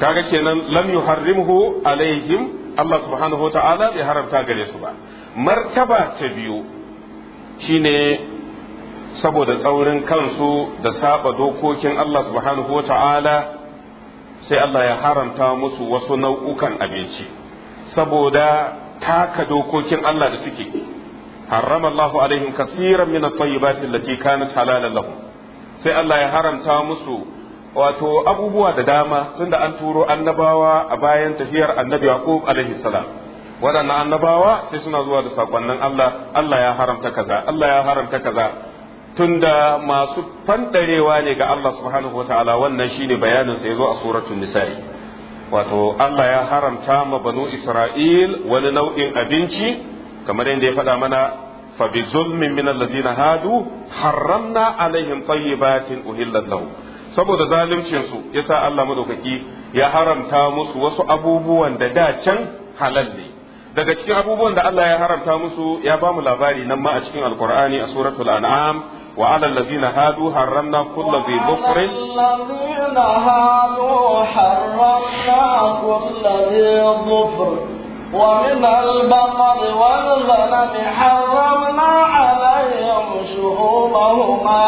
Speaker 1: kaga kenan lam yuharrimhu alaihim Allah subhanahu wata'ala bai haramta gare su ba martaba ta biyu shine saboda tsaurin kansu da saba dokokin Allah subhanahu wata'ala sai Allah ya haramta musu wasu nau'ukan abinci saboda taka dokokin Allah da suke حرم الله عليهم كثيرا من الطيبات التي كانت حلالا لهم sai Allah ya haramta musu wato abubuwa da dama tunda an turo annabawa a bayan tafiyar annabi yaqub alaihi salam waɗannan annabawa sai suna zuwa da sakonnin Allah Allah ya haramta kaza Allah ya haramta kaza tunda masu fantarewa ne ga Allah subhanahu wataala wannan shine bayanin sa yazo a suratul nisa'i wato Allah ya haramta ma banu Isra'il wani nau'in abinci kamar yadda ya faɗa mana fa bi zulmin min allazina hadu harramna alaihim tayyibatin uhillat lahum saboda zaluncinsu ya sa Allah madaukaki ya haramta musu wasu abubuwan da da can halal ne daga cikin abubuwan da Allah ya haramta musu ya bamu labari nan ma a cikin alkur'ani a suratul an'am wa 'alal ladzina hadu harramna kullu dhi bukrin
Speaker 2: hadu harramna
Speaker 1: dhi
Speaker 2: ومن البقر والغنم حرمنا عليهم شهومهما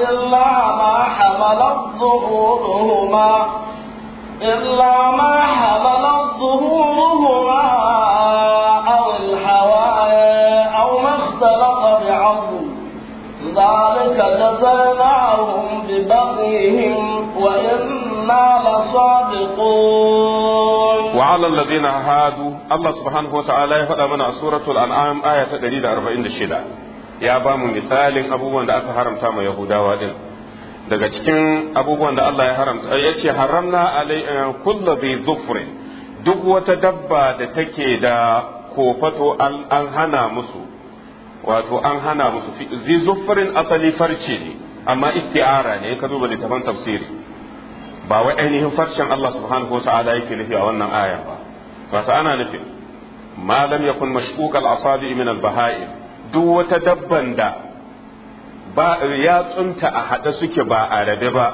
Speaker 2: إلا ما حملت ظهورهما إلا ما حمل ظهورهما أو الحواء أو ما اختلط بعظم ذلك جزيناهم ببغيهم وإنا لصادقون
Speaker 1: وعلى الذين هادوا الله سبحانه وتعالى يفعل من سورة الأنعام آية دليل 46 ya ba mu misalin abubuwan da aka haramta ma Yahudawa ɗin. daga cikin abubuwan da Allah ya haramta ya ce haramna alai kullu bi zufrin duk wata dabba da take da kofato an hana musu wato an hana musu zi zuffarin asali farce ne amma isti'ara ne ka zuba littafin tafsiri ba wai ainihin farcen Allah subhanahu wa ta'ala yake nufi a wannan aya ba ba ana nufi ma lam yakun mashquq al asabi min al baha'im duk wata dabban da ba tsunta a hade suke ba a rabe ba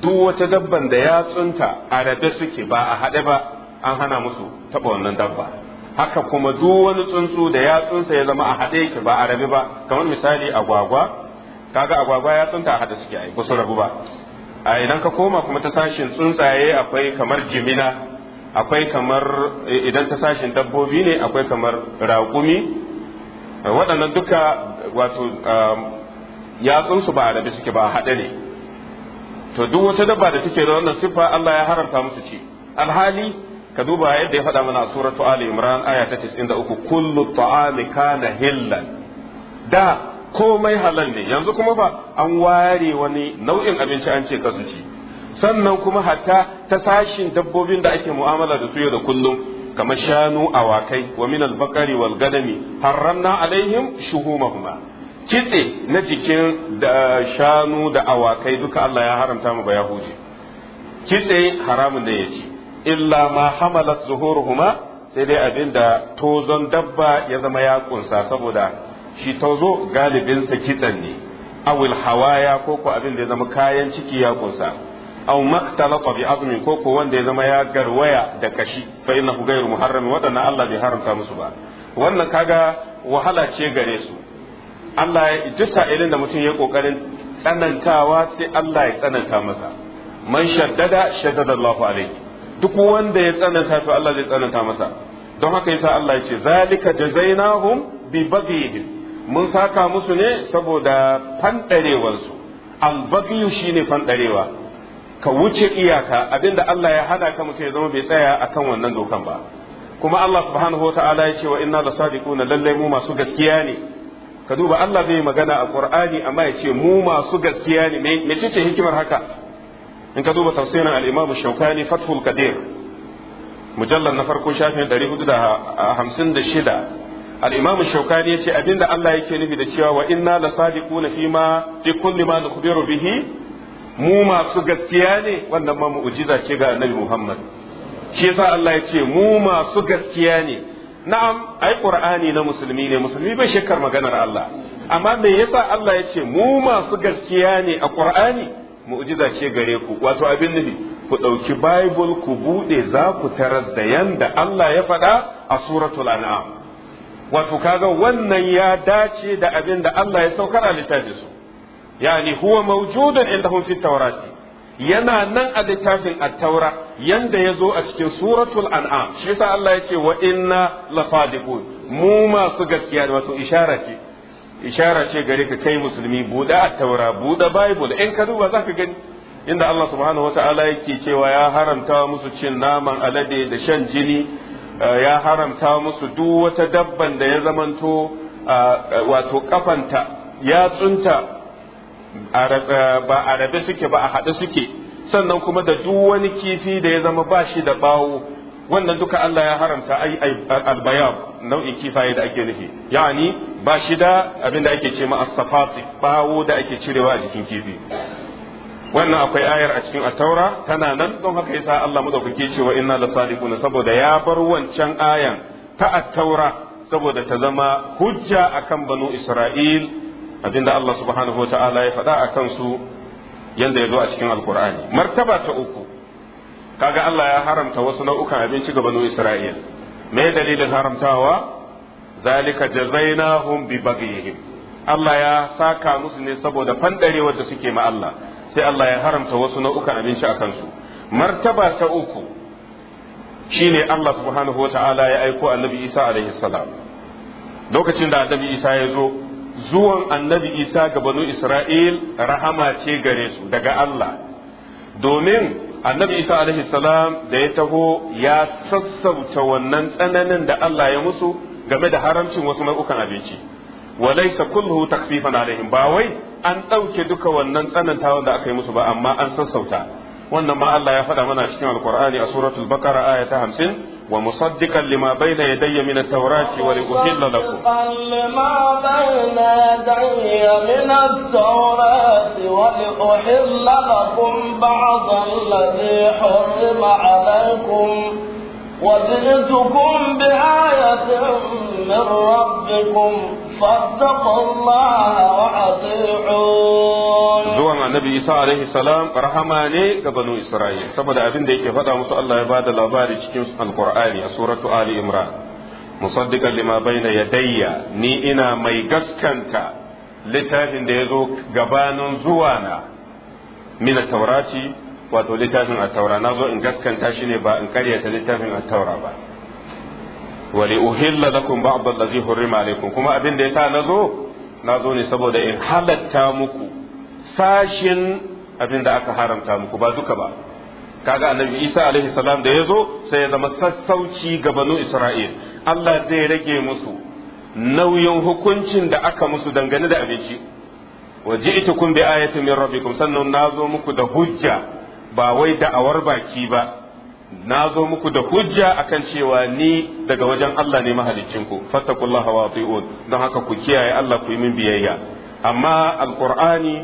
Speaker 1: duk wata dabban da yatsunta a rabe suke ba a hade ba an hana musu taba wannan dabba haka kuma duk wani tsuntsu da ya tsunta ya zama a haɗe yake ba a rabe ba kamar misali agwagwa kaga agwagwa ya tsunta a haɗe suke ai ba su rabu ba a idan ka koma kuma ta sashin tsuntsaye akwai kamar jimina akwai kamar eh, idan ta sashin dabbobi ne akwai kamar raƙumi waɗannan duka wato um, ya tsunsu ba a rabe suke ba a haɗe ne to duk wata dabba da take da wannan siffa Allah ya haramta musu ci alhali ka duba yadda ya faɗa mana suratu Ali Imran aya ta 93 kullu ta'ami kana hillan da komai halal ne yanzu kuma ba an ware wani nau'in abinci an ce kasu ci sannan kuma hatta ta sashin dabbobin da ake mu'amala da su yau da kullum kamar shanu awakai wa min al-baqari wal gadami harramna alaihim shuhumahuma kitse na jikin da shanu da awakai duka Allah ya haramta mu ba yahudi kitse haramun da ya ci illa ma hamalat zuhuruhuma sai dai abinda tozon dabba ya zama ya kunsa saboda shi tozo galibinsa kitsan ne awil hawaya ko ko abin da ya zama kayan ciki ya kunsa aw maktalata bi azmin ko ko wanda ya zama ya garwaya da kashi fa innahu ghayru muharram dana Allah bai haramta musu ba wannan kaga wahala ce gare su Allah ya duk irin da mutum ya kokarin tsanantawa sai Allah ya tsananta masa man shaddada shaddada Allahu alaihi duk wanda ya tsananta to Allah zai tsananta masa don haka yasa Allah ya ce zalika jazainahum bi baghihim mun saka musu ne saboda fandarewarsu albagiyu shine fandarewa ka wuce iyaka abinda Allah ya hada ka mutum ya zama bai tsaya akan wannan dokan ba kuma Allah subhanahu wa ta'ala ya ce wa inna lasadiquna lallai mu masu gaskiya ne ka duba Allah zai magana a Qur'ani amma ya ce mu masu gaskiya ne me ce hikimar haka in ka duba tafsirin al-imam shaukani fathul qadir mujallal na farko shafin 456 al-imam shaukani yace abinda Allah yake nufi da cewa wa inna la sadiquna fi ma fi kulli ma nukhbiru bihi mu masu gaskiya ne wannan ma mu'jiza ce ga annabi Muhammad shi yasa Allah yace mu masu gaskiya ne na'am ai qur'ani na musulmi ne musulmi bai shakkar maganar Allah amma me yasa Allah yace mu masu gaskiya ne a qur'ani mu'jiza ce gare ku wato abin nufi ku ɗauki bible ku buɗe za ku tarar da yanda Allah ya faɗa a suratul an'am wato kaga wannan ya dace da abin da Allah ya saukar a littafin su yani huwa mawjudan indahum fi tawrati yana nan a littafin at-taura yanda ya zo a cikin suratul an'am shi yasa Allah ya ce wa inna lasadiqun mu masu gaskiya wato ishara ce ishara ce gare ka kai musulmi buɗe attaura buɗe bible in ka duba zaka gani inda Allah subhanahu wataala yake cewa ya haramta musu cin naman alade da shan jini ya haramta musu duk wata dabban da ya zamanto wato kafanta ya tsunta ba a rabe suke ba a haɗe suke sannan kuma da duk wani kifi da ya zama ba shi da bawo wannan duka Allah ya haramta ai nau'in kifaye da ake nufi yani ba shi da abin da ake ce ma as bawo da ake cirewa a jikin kifi wannan akwai ayar a cikin ataura tana nan don haka yasa Allah madaukake ce wa inna lasadiquna saboda ya bar wancan ayan ta ataura saboda ta zama hujja akan banu Isra'il abinda Allah subhanahu wataala ya faɗa akan su yanda ya zo a cikin alkur'ani martaba ta uku kaga Allah ya haramta wasu nau'ukan abinci ga banu Isra'il me dalilin haramtawa zalika jazainahum bi baghihim Allah ya saka musu ne saboda fandarewar da suke ma Allah sai Allah ya haramta wasu nau'ukan abinci a kansu martaba ta uku shine Allah subhanahu wata'ala ya aiko annabi Isa alaihi salam lokacin da annabi Isa ya zo zuwan annabi Isa ga banu Isra'il rahama ce gare su daga Allah domin annabi isa alaihi salam da ya taho ya sassauta wannan tsananin da Allah ya musu game da haramcin wasu nau'ukan abinci walaysa kulluhu takfifan alaihim ba wai an ɗauke duka wannan tsanantawan da aka yi musu ba amma an sassauta wannan ma Allah ya faɗa mana cikin alqur'ani a suratul baqara aya ta 50 ومصدقا لما بين يدي من التوراة ولأحل لكم
Speaker 2: لما بين يدي من التوراة ولأحل لكم بعض الذي حرم عليكم وجئتكم بآية من ربكم zuwan
Speaker 1: annabi isa alaihi salam rahama ne ga banu isra'il saboda abin da yake faɗa musu Allah ya bada labari cikin alqur'ani a suratu ali imran musaddiqan lima bayna yadayya ni ina mai gaskanta littafin da ya zo gabanin zuwana min taurati wato littafin at-taura nazo in gaskanta shi ne ba in karyata littafin at-taura ba wa li uhilla lakum ba'd allazi hurrima alaykum kuma abin da yasa nazo nazo ne saboda in halatta muku sashin abin da aka haramta muku ba duka ba kaga annabi Isa alaihi salam da yazo sai ya zama sassauci ga banu Isra'il Allah zai rage musu nauyin hukuncin da aka musu dangane da abinci wa ji'tukum bi ayatin min rabbikum sannan nazo muku da hujja ba wai da'awar baki ba na zo muku da hujja akan cewa ni daga wajen Allah ne mahaliccinku fattakullaha wa ati'un don haka ku kiyaye Allah ku yi min biyayya amma alqur'ani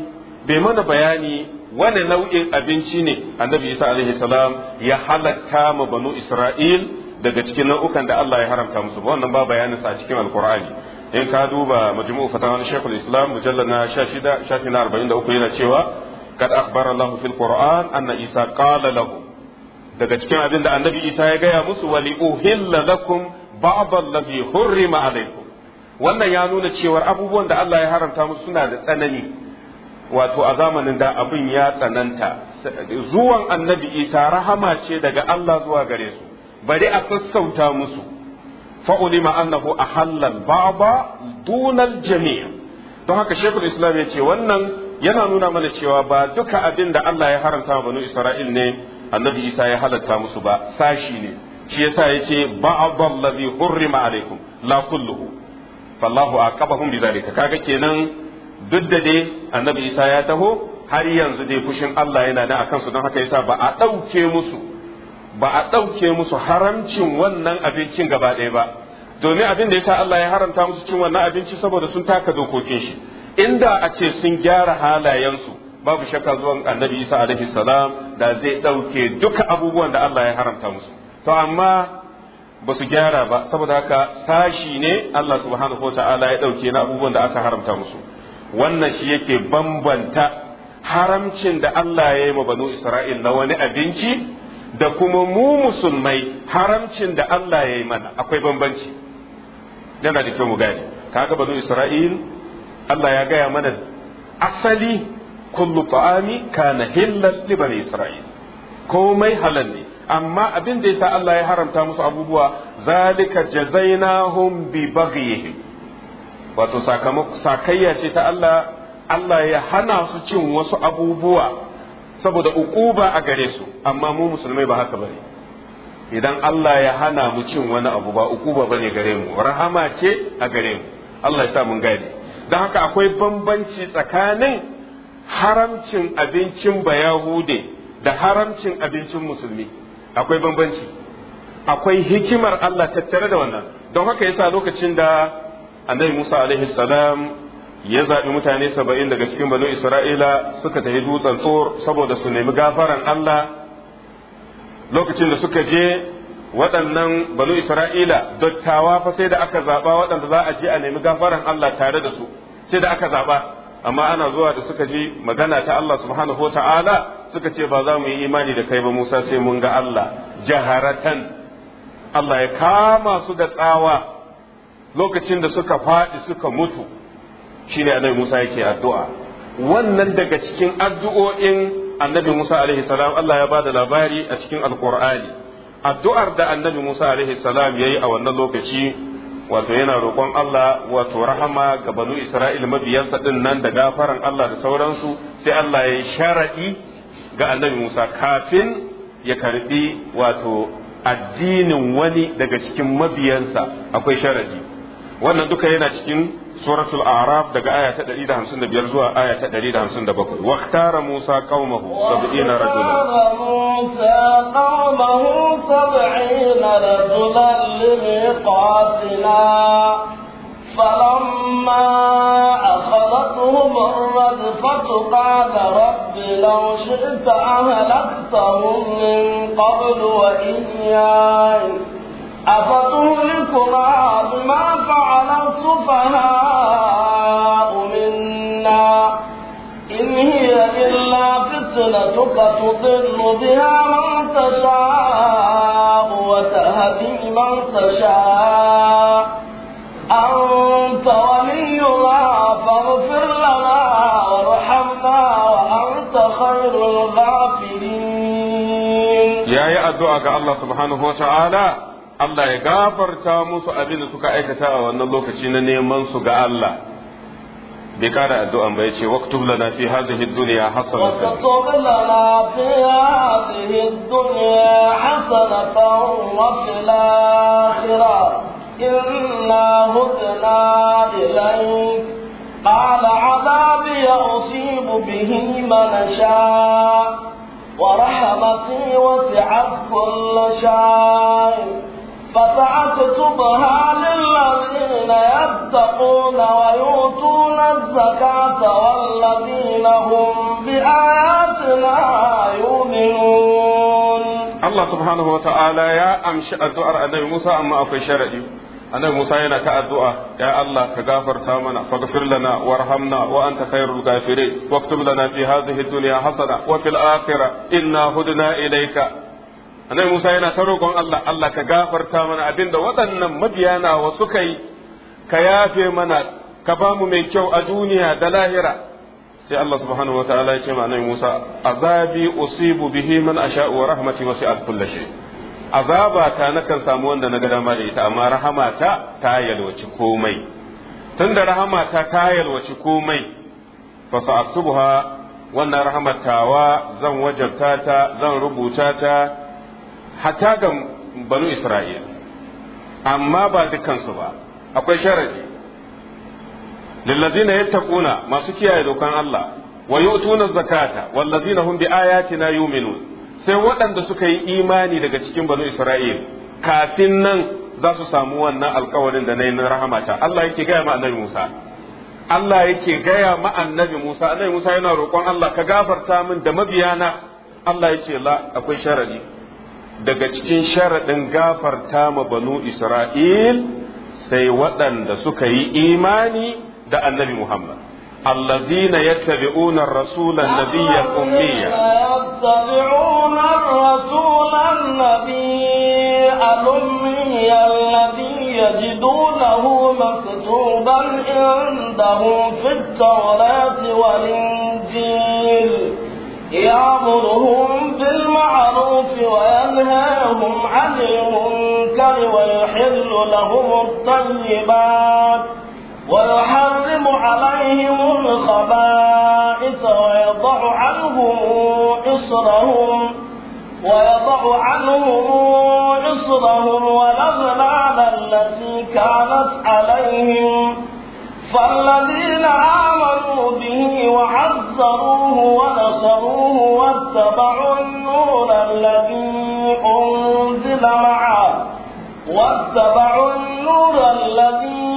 Speaker 1: bai mana bayani wani nau'in abinci ne annabi Isa alaihi salam ya halatta ma banu Isra'il daga cikin nau'ukan da Allah ya haramta musu ba wannan ba bayanin sa a cikin alqur'ani in ka duba majmu'u fatawan shaykhul islam mujallad na 16 shafi na 43 yana cewa kad akhbara Allah fil qur'an anna Isa qala lahu daga cikin abin da annabi isa ya gaya musu wali uhilla lakum ba'd allazi hurrima alaikum wannan ya nuna cewar abubuwan da Allah ya haramta musu suna da tsanani wato a zamanin da abin ya tsananta zuwan annabi isa rahama ce daga Allah zuwa gare su bari a sassauta musu fa'ulima annahu ahallal ba'da dunal jami' don haka shekul islam ya ce wannan yana nuna mana cewa ba duka abin da Allah ya haramta banu isra'il ne annabi isa ya halatta musu ba sashi ne shi yasa yace ba'd ladhi hurrima alaikum la kulluhu fallahu aqabahum bizalika kaga kenan duk da dai annabi isa ya taho har yanzu dai fushin Allah yana da akan su don haka yasa ba a dauke musu ba a dauke musu haramcin wannan abincin gaba ɗaya ba domin abin da yasa Allah ya haramta musu cin wannan abinci saboda sun taka dokokin shi inda a ce sun gyara halayensu babu shakka zuwan annabi isa alaihi salam da zai ɗauke duka abubuwan da Allah ya haramta musu to amma ba su gyara ba saboda haka sashi ne Allah subhanahu wa ta'ala ya ɗauke na abubuwan da aka haramta musu wannan shi yake bambanta haramcin da Allah ya yi ma banu Isra'il na wani abinci da kuma mu musulmai haramcin da Allah ya yi mana akwai bambanci yana da kyau mu gane kaga banu Isra'il Allah ya gaya mana asali kullu ta'ami kana hillal li bani isra'il komai halal ne amma abin da yasa Allah ya haramta musu abubuwa zalika jazainahum bi baghihim wato sakamako sakayya ce ta Allah Allah ya hana su cin wasu abubuwa saboda ukuba a gare su amma mu musulmai ba haka bane idan Allah ya hana mu cin wani abu ba ukuba bane gare mu rahama ce a gare mu Allah ya sa mun gane don haka akwai bambanci tsakanin haramcin abincin bayahude da haramcin abincin musulmi akwai bambanci akwai hikimar Allah tattare da wannan don haka yasa lokacin da annabi Musa alaihi salam ya zaɓi mutane saba'in daga cikin banu Isra'ila suka tafi dutsen tsor saboda su nemi gafaran Allah lokacin da suka je waɗannan banu Isra'ila dattawa fa sai da aka zaɓa waɗanda za a je a nemi gafaran Allah tare da su sai da aka zaɓa amma ana zuwa da suka ji magana ta Allah subhanahu wa ta'ala suka ce ba za mu yi imani da kai ba Musa sai mun ga Allah jaharatan Allah ya kama su da tsawa lokacin da suka faɗi suka mutu shine annabi Musa yake addu'a wannan daga cikin addu'o'in annabi Musa alaihi salam Allah ya bada labari a cikin alqur'ani addu'ar da annabi Musa alaihi salam yayi a wannan lokaci wato yana roƙon Allah wato rahama ga banu Isra'il mabiyansa din nan da gafaran Allah da sauransu sai Allah ya sharaɗi ga annabi Musa kafin ya karbi wato addinin wani daga cikin mabiyansa akwai sharaɗi wannan duka yana cikin سورة الأعراف دقا آية تدريد سنة بيرزوها آية تدريد سنة بكر واختار موسى قومه سبعين رجلا
Speaker 2: واختار موسى قومه سبعين رجلا لميقاتنا فلما أخذتهم الرجفة قال رب لو شئت أهلكتهم من قبل وإياي أفتهلكنا بما فعل السفهاء منا إن هي إلا فتنتك تضل بها من تشاء وتهدي من تشاء أنت ولينا فاغفر لنا وارحمنا وأنت خير الغافرين يا يا أدعك
Speaker 1: الله سبحانه وتعالى Allah ya gafarta musu abin da suka aikata a wannan lokaci na neman su ga Allah bai kara addu'an ba yace waktub lana fi hadhihi dunya hasanatan waktub
Speaker 2: lana fi hadhihi dunya hasanatan wa fil akhirah inna hudna ilayk قال عذابي أصيب به من شاء ورحمتي وسعت كل شيء فتعت تبها للذين يتقون ويؤتون الزكاة والذين هم بآياتنا يؤمنون
Speaker 1: الله سبحانه وتعالى يا أمشي الدعاء النبي موسى أما أكو شرعي annabi Musa yana ta addu'a ya Allah ka gafarta mana faghfir lana warhamna wa anta khairul ghafirin waktub lana fi hadhihi dunya hasana wa fil akhirah inna hudna ilayka annabi Musa yana ta roƙon Allah Allah ka gafarta mana abin da waɗannan mabiya nawa suka yi ka yafe mana ka ba mu mai kyau a duniya da lahira sai Allah subhanahu wa ta'ala ya ce ma annabi Musa azabi usibu bihi man asha'u wa rahmati wasi'at kulli shay azaba ta nakan samu wanda na ga dama da ita amma rahama ta yalwaci komai tunda rahama ta ta yalwaci komai fa sa'aktubuha wannan rahmatawa zan wajabta ta zan rubuta ta hatta ga banu isra'il amma ba dukansu ba akwai sharadi lillazina yattaquna masu kiyaye dokan Allah wa yu'tuna zakata wallazina hum biayatina yu'minun sai waɗanda suka yi imani daga cikin banu isra'il kafin nan za su samu wannan alkawarin da na yi na rahamata Allah yake gaya ma annabi Musa Allah yake gaya ma annabi Musa annabi Musa yana roƙon Allah ka gafarta min da mabiyana Allah yake la akwai sharadi daga cikin sharaɗin gafarta ma banu Isra'il sai waɗanda suka yi imani da annabi Muhammad. الذين يتبعون الرسول النبي الأمي
Speaker 2: يتبعون الرسول النبي الأمي الذي يجدونه مكتوبا عندهم في التوراة والإنجيل يأمرهم بالمعروف وينهاهم عن المنكر ويحل لهم الطيبات ويحرم عليهم الخبائث ويضع عنهم إصرهم ويضع عنهم إصرهم والأغلال التي كانت عليهم فالذين آمنوا به وعزروه ونصروه واتبعوا النور الذي أنزل معه واتبعوا النور الذي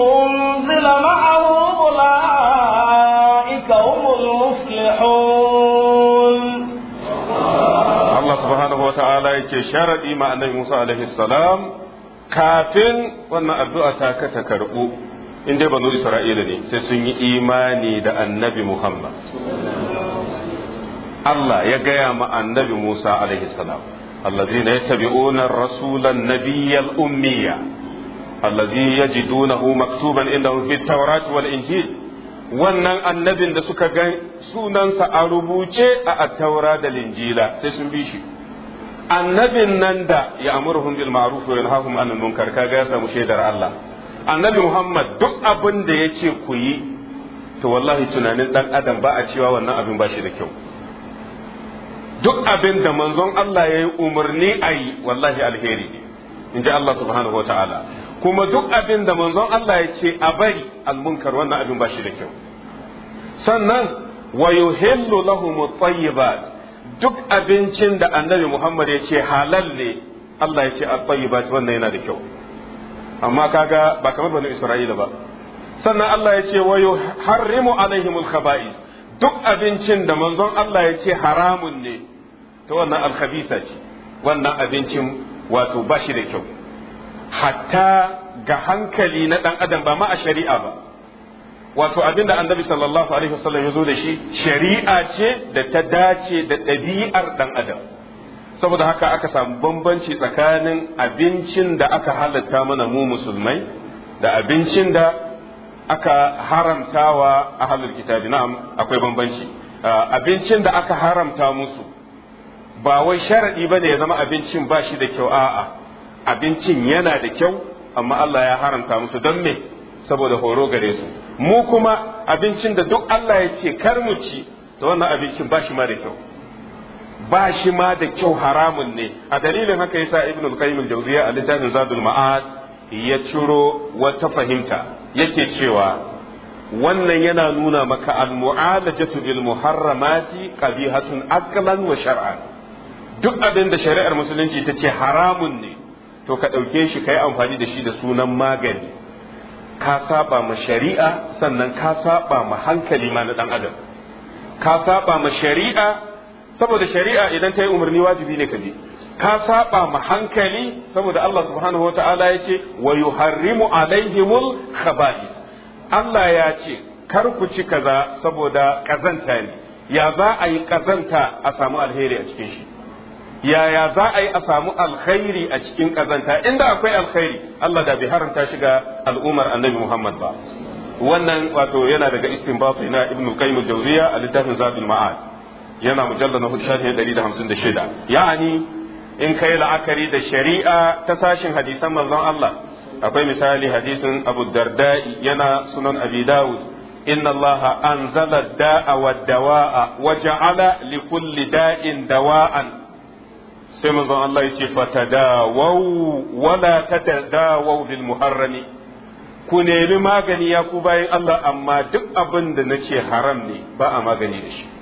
Speaker 2: أنزل معه أولئك هم المفلحون
Speaker 1: الله سبحانه وتعالى يتشارد مع النبي موسى عليه السلام kafin wannan addu'a ta ka ta karɓu in dai banu isra'ila ne sai sun yi imani da annabi muhammad Allah ya gaya ma annabi Musa alaihi salam allazina yattabi'una rasulan nabiyyal ummiya allazi dunahu maktuban inda fit tawrat wal injil wannan annabin da suka ga sunansa a rubuce a attaura da linjila sai sun bi shi annabin nan da ya amurhum bil ma'ruf wa yanhahum anil munkar kaga ya samu shaidar Allah annabi muhammad duk abin da ya ce ku yi to wallahi tunanin ɗan adam ba a cewa wannan abin ba shi da kyau duk abin da manzon Allah ya yi umarni a yi wallahi alheri ne in ji Allah subhanahu wa ta'ala kuma duk abin da manzon Allah ya ce a bari almunkar wannan abin ba shi da kyau sannan wa yuhillu lahum at-tayyibat duk abincin da annabi Muhammad ya ce halal ne Allah ya ce a tayyibat wannan yana da kyau amma kaga ba kamar bani isra'ila ba sannan Allah ya ce wayo harrimu alaihimul khaba'is duk abincin da manzon Allah ya ce haramun ne ta wannan alkhabisa ce wannan abincin wato ba shi da kyau hatta ga hankali na dan adam ba ma a shari'a ba wato abinda annabi sallallahu alaihi wasallam ya zo da shi shari'a ce da ta dace da ɗabi'ar dan adam saboda haka aka samu bambanci tsakanin abincin da aka halatta mana mu musulmai da abincin da aka haramtawa a halin kitabi na'am akwai bambanci abincin da aka haramta musu ba wai sharaɗi ba ne ya zama abincin ba shi da kyau a'a abincin yana da kyau amma Allah ya haramta musu don me saboda horo gare su mu kuma abincin da duk Allah ya ce kar mu ci to wannan abincin ba shi ma da kyau ba shi ma da kyau haramun ne a dalilin haka yasa ibn al-qayyim al-jawziyya a littafin zadul ma'ad ya ciro wata fahimta yake cewa wannan yana nuna maka al-mu'alajatu bil muharramati qabihatun aqlan wa shar'an duk abin da shari'ar musulunci ta ce haramun ne to ka ɗauke shi ka yi amfani da shi da sunan magani ka saba ma shari'a sannan ka saba ma hankali ma na ɗan adam ka saba ma shari'a saboda shari'a idan ta yi umarni wajibi ne ka ka saba ma hankali saboda Allah subhanahu wa ta'ala ya ce wa yuharrimu alaihimul khaba'is Allah ya ce kar ku ci kaza saboda kazanta ne ya za a yi kazanta a samu alheri a cikin shi yaya za a yi a samu alkhairi a cikin kazanta inda akwai alkhairi Allah da bai haranta shi ga al'ummar annabi Muhammad ba wannan wato yana daga istinbati na ibnu qayyim al-jawziya a littafin zabil ma'ad yana mujallar na hudu ɗari da hamsin da shida ya'ani in kai la'akari da shari'a ta sashin hadisan manzon Allah akwai misali hadisin Abu Darda'i yana sunan Abi Dawud inna Allah anzala da'a wa dawa'a wa ja'ala li kulli da'in dawa'an sai manzon Allah yace fatadawaw wa la tatadawaw bil muharrami ku nemi magani ya ku bayan Allah amma duk abin da nace haram ne ba a magani da shi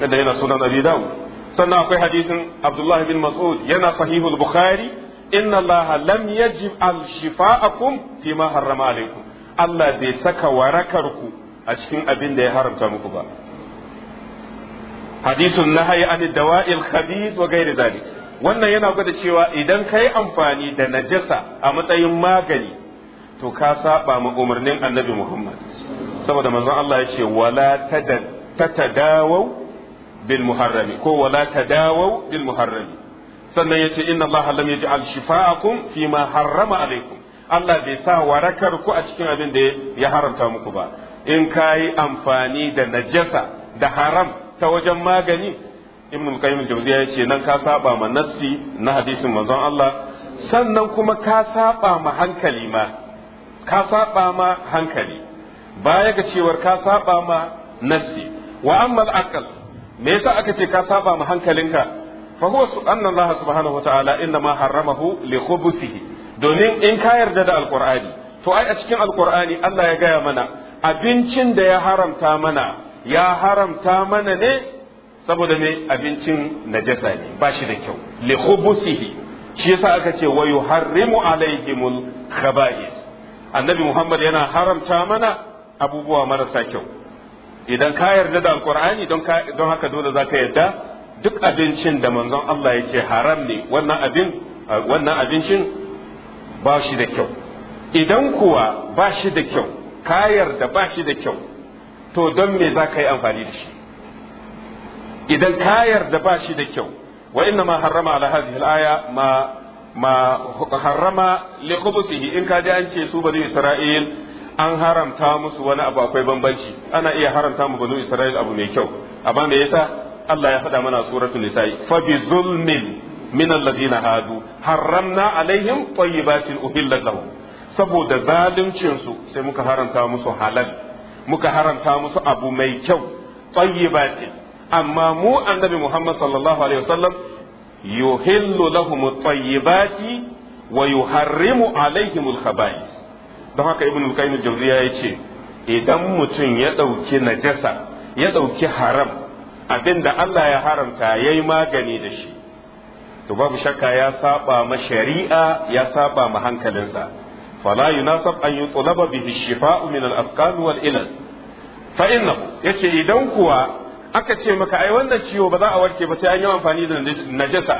Speaker 1: kada yana sunan abi dawud sannan akwai hadisin abdullahi bin mas'ud yana sahihul bukhari inna allaha lam yajib al shifa'akum fi ma harrama alaikum Allah bai saka ku a cikin abin da ya haramta muku ba hadisun nahayi an dawa'il khabith wa ghairi zalik wannan yana gwada cewa idan kai amfani da najasa a matsayin magani to ka saba ma umarnin annabi Muhammad saboda manzon Allah ya ce wala tatadawau bil muharrami ko wala tadawaw bil muharrami sannan yace inna allaha lam yaj'al shifa'akum fi ma harrama alaikum Allah bai sa warakar ku a cikin abin da ya haramta muku ba in kayi amfani da najasa da haram ta wajen magani ibn al-qayyim al-jawziya yace nan ka saba ma nassi na hadisin manzon Allah sannan kuma ka saba ma hankali ma ka saba ma hankali baya ga cewar ka saɓa ma nassi wa amma al me yasa aka ce ka saba ma hankalinka fa huwa anna Allah subhanahu wataala inna ma li domin in ka yarda da alqur'ani to ai a cikin alqur'ani Allah ya gaya mana abincin da ya haramta mana ya haramta mana ne saboda me abincin najasa ne ba shi da kyau li khubusihi shi yasa aka ce wa yuharrimu alaihimul khaba'is annabi Muhammad yana haramta mana abubuwa marasa kyau idan ka yarda da alkur'ani don haka dole zaka yarda duk abincin da manzon Allah yake haram ne wannan abincin ba shi da kyau idan kuwa ba shi da kyau ka yarda ba shi da kyau to don me za ka yi amfani da shi idan ka yarda ba shi da kyau wa inna ma harrama ala hadhihi al-aya ma ma harrama li in ka ji an ce su bani isra'il an haramta musu wani abu akwai bambanci ana iya haramta mu banu Isra'il abu mai kyau amma me yasa Allah ya faɗa mana suratul nisa'i fa bi zulmin min alladhina hadu haramna alaihim tayyibatin uhillat lahum saboda zaluncin su sai muka haramta musu halal muka haramta musu abu mai kyau tayyibatin amma mu annabi Muhammad sallallahu alaihi wasallam yuhillu lahum at-tayyibati wa yuharrimu alaihim al-khaba'is don haka ibn al-qayyim al-jawziya yace idan mutum ya dauki najasa ya dauki haram abinda Allah ya haramta yayi magani da shi to babu shakka ya saba ma shari'a ya saba ma hankalinsa fala yunasab an yutlaba bihi shifa'u min al-asqam wal ilal fa innahu yace idan kuwa aka ce maka ai wannan ciwo ba za a warke ba sai an yi amfani da najasa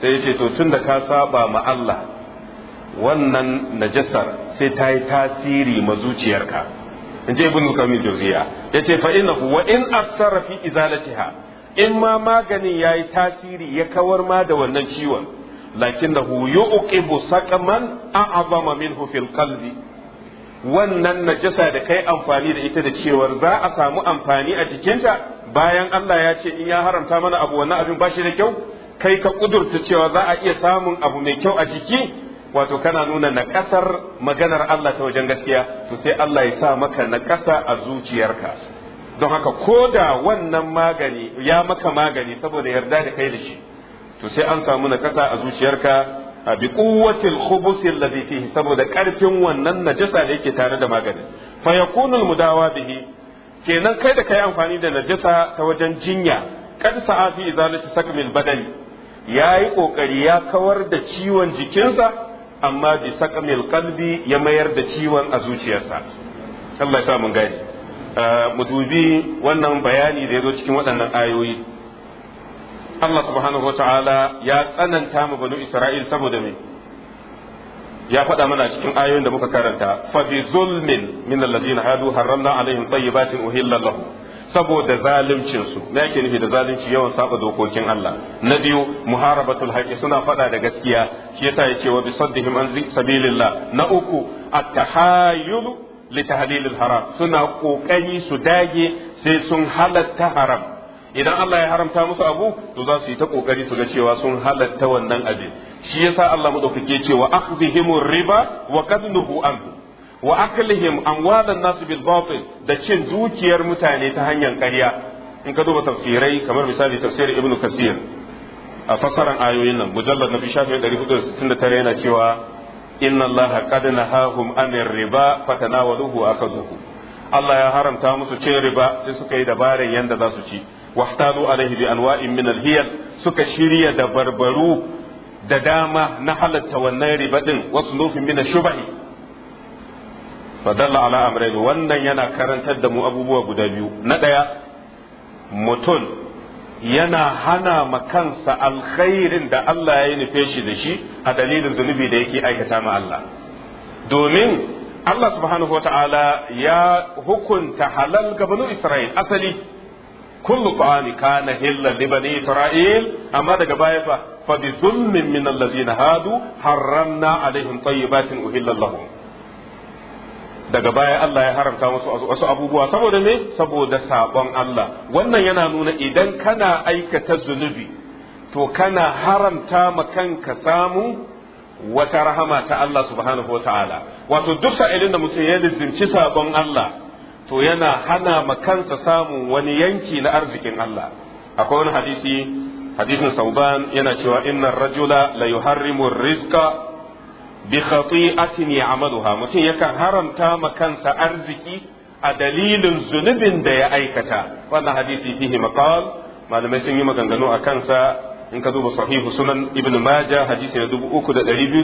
Speaker 1: sai yace to tunda ka saba ma Allah wannan najasar sai ta yi tasiri ma zuciyarka in je ibn qayyim jawziya yace fa innahu wa in asara fi izalatiha in ma maganin yayi tasiri ya kawar ma da wannan ciwon lakinnahu yuqibu saqaman a'zama minhu fil qalbi wannan najasa da kai amfani da ita da cewar za a samu amfani a jikinta bayan Allah ya ce in ya haramta mana abu wannan abin bashi da kyau kai ka kudurta cewa za a iya samun abu mai kyau a jiki wato kana nuna na ƙasar maganar Allah ta wajen gaskiya to sai Allah ya sa maka na ƙasa a zuciyarka don haka ko da wannan magani ya maka magani saboda yarda da kai da shi to sai an samu na ƙasa a zuciyarka a bi kuwatil khubusi alladhi fihi saboda ƙarfin wannan najasa da yake tare da maganin fa yakunu almudawa bihi kenan kai da kai amfani da najasa ta wajen jinya kad sa'afi izalati sakmil badani yayi kokari ya kawar da ciwon jikinsa amma bi saqamil qalbi ya mayar da ciwon a zuciyarsa Allah ya mun gani ah, mu dubi wannan bayani da ya zo cikin waɗannan ayoyi Allah subhanahu wa ta'ala ya tsananta mu banu Isra'il saboda me ya faɗa mana cikin ayoyin da muka karanta fa bi zulmin min allazina hadu harramna alaihim tayyibatin uhilla lahum saboda zaluncin su me ake nufi da zalunci yawan saba dokokin Allah na biyu muharabatul haqi suna faɗa da gaskiya shi yasa yace wa bi saddihim an sabilillah na uku at-tahayyul li tahlilil haram suna kokari su dage sai sun halatta haram idan Allah ya haramta musu abu to za su yi ta kokari su ga cewa sun halatta wannan abin shi yasa Allah madaukake cewa akhdhihimur riba wa kadnuhu anhu wa aklihim amwalan nasu bil batil da cin dukiyar mutane ta hanyar ƙarya in ka duba tafsirai kamar misali tafsirin ibnu kasir a fassaran ayoyin nan mujallad na bi shafi 469 yana cewa inna allaha qad nahahum anir riba fatanawaluhu akaduhu Allah ya haramta musu cin riba sai suka yi dabarar yanda za su ci wahtalu alaihi bi anwa'in min hiyal suka shirya da barbaru da dama na halatta wannan riba din wasu nufin min shubahi fadalla ala amrayn wannan yana karantar da mu abubuwa guda biyu na ɗaya. mutum yana hana ma kansa alkhairin da Allah ya yi nufe shi da shi a dalilin zunubi da yake aikata ma Allah domin Allah subhanahu wata'ala ya hukunta halal ga banu Isra'il asali kullu ta'ami kana hillan li bani Isra'il amma daga baya fa fa bi zulmin min allazina hadu harramna alaihim tayyibatin uhillallahu lahum daga baya Allah ya haramta musu wasu abubuwa saboda me saboda sabon Allah wannan yana nuna idan kana aikata zunubi to kana haramta ma kanka samu wata rahama ta Allah subhanahu wataala wato duk sa'ilin da mutum ya lizinci sabon Allah to yana hana ma kansa samun wani yanki na arzikin Allah akwai wani hadisi hadisin sauban yana cewa innar rajula la yuharrimu rizqa bi khati'atin ya'maluha mutum yakan haramta ma kansa arziki a dalilin zunubin da ya aikata wannan hadisi fihi maqal malamai sun yi maganganu a kansa in ka duba sahihu sunan ibn Maja hadisi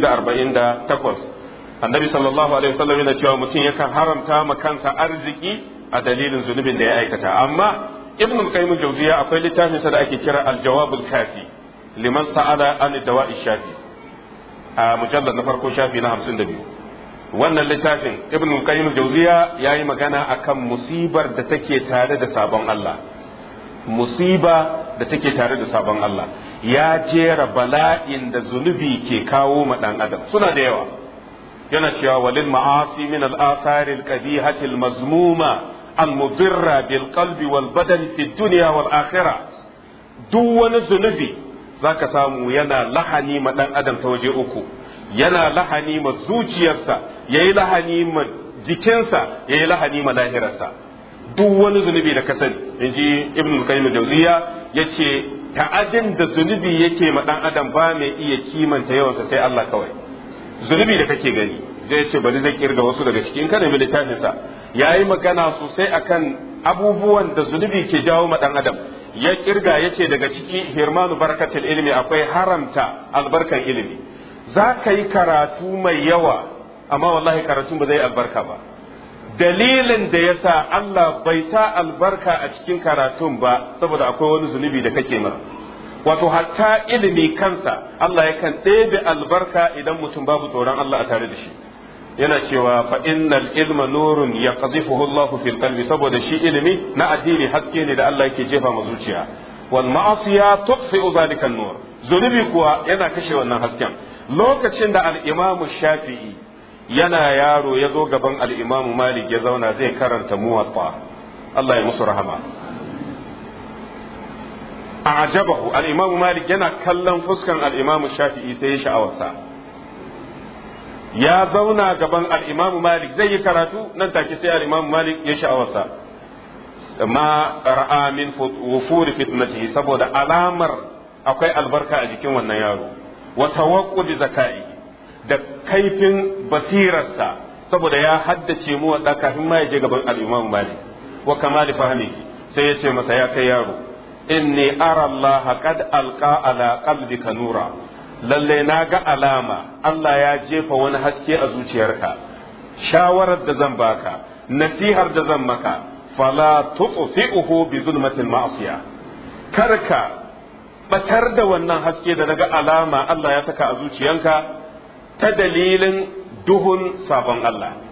Speaker 1: na takwas. annabi sallallahu alaihi wasallam yana cewa mutum yakan haramta ma kansa arziki a dalilin zunubin da ya aikata amma ibn qayyim jawziya akwai littafin sa da ake kira al-jawab al-kafi liman sa'ala an dawa'i a mujallar na farko shafi na hamsin da biyu wannan littafin ibn qayyim jauziya ya yi magana akan musibar da take tare da sabon Allah musiba da take tare da sabon Allah ya jera bala'in da zunubi ke kawo ma dan adam suna da yawa yana cewa walil ma'asi min al-athari al-qabihati al-mazmuma al-mudirra bil qalbi wal badan fi dunya wal akhirah duk wani zunubi zaka samu yana lahani ma dan adam ta waje uku yana lahani ma zuciyarsa yayi lahani ma jikinsa yayi lahani ma lahirarsa duk wani zunubi da ka sani inji ibn qayyim jawziya yace ta'adin da zunubi yake ma dan adam ba mai iya kimanta yawansa sai Allah kawai zunubi da kake gani zai ce bari zai kirga wasu daga cikin kana mai littafinsa yayi magana sosai akan abubuwan da zunubi ke jawo ma dan adam ya kirga yace daga ciki hirmanu barakatul ilimi akwai haramta albarkan ilimi za ka yi karatu mai yawa amma wallahi karatun ba zai albarka ba dalilin da ya sa Allah bai sa albarka a cikin karatun ba saboda akwai wani zunubi da kake mara wato hatta ilimi kansa Allah yakan ɗebe albarka idan mutum babu tsoron Allah a tare da shi yana cewa fa innal ilma nurun yaqzifuhu Allah fil qalbi saboda shi ilimi na addini haske ne da Allah yake jefa ma zuciya wal ma'asiya tukhfi'u zalika nur zunubi kuwa yana kashe wannan hasken lokacin da al-Imam Shafi'i yana yaro ya zo gaban al Malik ya zauna zai karanta muwatta Allah ya musu rahama a'jabahu al Malik yana kallon fuskan al Shafi'i sai ya sha'awarsa ya zauna gaban al Malik zai yi karatu nan take sai al-Imam Malik ya sha'awarsa ma ra'a min wufuri fitnati saboda alamar akwai albarka a jikin wannan yaro wa tawaqqudi zakai da kaifin basirarsa saboda ya haddace mu wa kafin ma ya je gaban al-Imam Malik wa kamali fahmi sai ya ce masa ya kai yaro inni ara Allah qad alqa ala qalbika nura lalle na ga alama Allah ya jefa wani haske a zuciyarka shawarar da zan baka nasihar da zan maka fala tutfi'uhu bi zulmatil ma'siya karka batar da wannan haske da naga alama Allah ya saka a zuciyanka ta dalilin duhun sabon Allah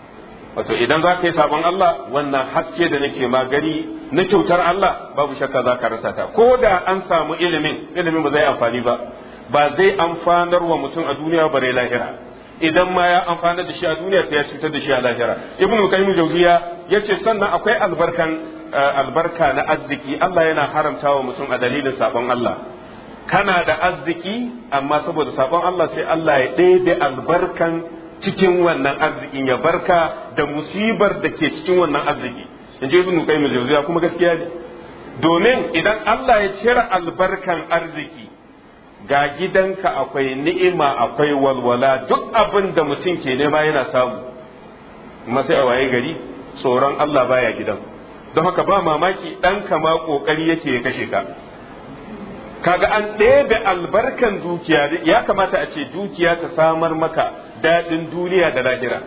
Speaker 1: wato idan za ka yi sabon Allah wannan haske da nake magani na kyautar Allah babu shakka za ka rasa ta ko da an samu ilimin ilimin ba zai amfani ba ba zai amfanar wa mutum a duniya bare lahira idan ma ya amfanar da shi a duniya sai ya cutar da shi a lahira ibn qayyim jawziya yace sannan akwai albarkan eh, albarka na arziki Allah yana haramta wa mutum a dalilin sabon Allah kana da arziki amma saboda sabon Allah sai Allah ya da albarkan cikin wannan arzikin ya barka da musibar da ke cikin wannan arziki ji ibn qayyim jawziya kuma gaskiya ne domin idan Allah ya cire albarkan arziki ga gidanka akwai ni'ima akwai walwala duk abin da mutum ke nema yana samu kuma sai a waye gari tsoron Allah baya gidan don haka ba mamaki ɗanka ma ƙoƙari yake ya kashe ka kaga an ɗebe albarkan dukiya ya kamata a ce dukiya ta samar maka daɗin duniya da lahira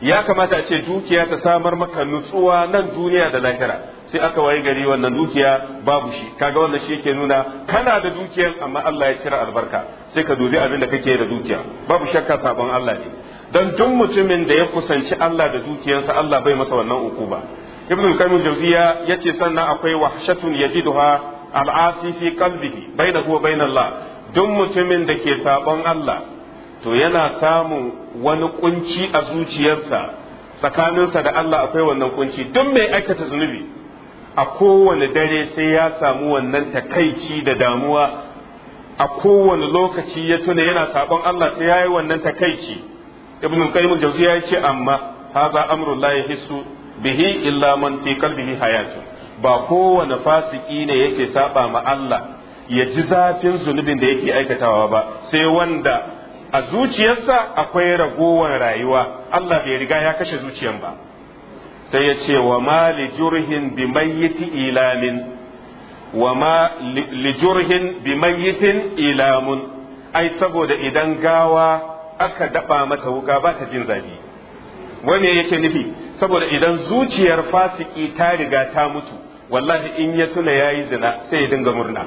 Speaker 1: ya kamata a ce dukiya ta samar maka nutsuwa nan duniya da lahira sai aka waye gari wannan dukiya babu shi kaga wannan shi yake nuna kana da dukiyar amma Allah ya cire albarka sai ka dubi abin da kake da dukiya babu shakka sabon Allah ne dan duk mutumin da ya kusanci Allah da dukiyarsa Allah bai masa wannan ukuba ibnu qayyim jawziya yace sannan akwai wahshatun yajiduha al'asi fi qalbihi bainahu wa bainallah duk mutumin da ke sabon Allah to yana samun wani kunci a zuciyarsa tsakaninsa da Allah akwai wannan kunci duk mai aikata zunubi a kowane dare sai ya samu wannan takaici da damuwa a kowane lokaci ya tuna yana sabon Allah sai yayi wannan takaici ibn qayyim al ya yace amma haza amru la hisu bihi illa man fi qalbihi hayatun ba kowane fasiki ne yake saba ma Allah ya ji zafin zunubin da yake aikatawa ba sai wanda a zuciyarsa akwai ragowar rayuwa Allah bai riga ya kashe zuciyar ba sai ya ce wa ma li jurhin bi mayyiti ilamin wa ma li jurhin bi mayyitin ilamun ai saboda idan gawa aka daba mata wuka ba ta jin zafi wani yake nufi saboda idan zuciyar fasiki ta riga ta mutu wallahi in ya tuna yayi zina sai ya dinga murna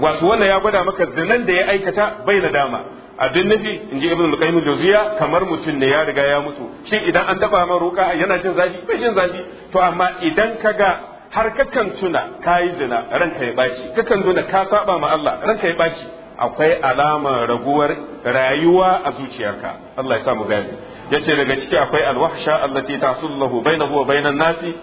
Speaker 1: wato wannan ya gwada maka zinan da ya aikata bai nadama dama abin nufi in ji ibn al-qayyim jawziya kamar mutum ne ya riga ya mutu shin idan an dafa ma roka yana jin zafi bai jin zafi to amma idan kaga har kakan tuna kayi zina ranka ya baci kakan tuna ka saba ma Allah ranka ya baci akwai alamar raguwar rayuwa a zuciyarka Allah ya sa mu gane yace daga ciki akwai alwahsha allati tasullahu bainahu wa bainan nasi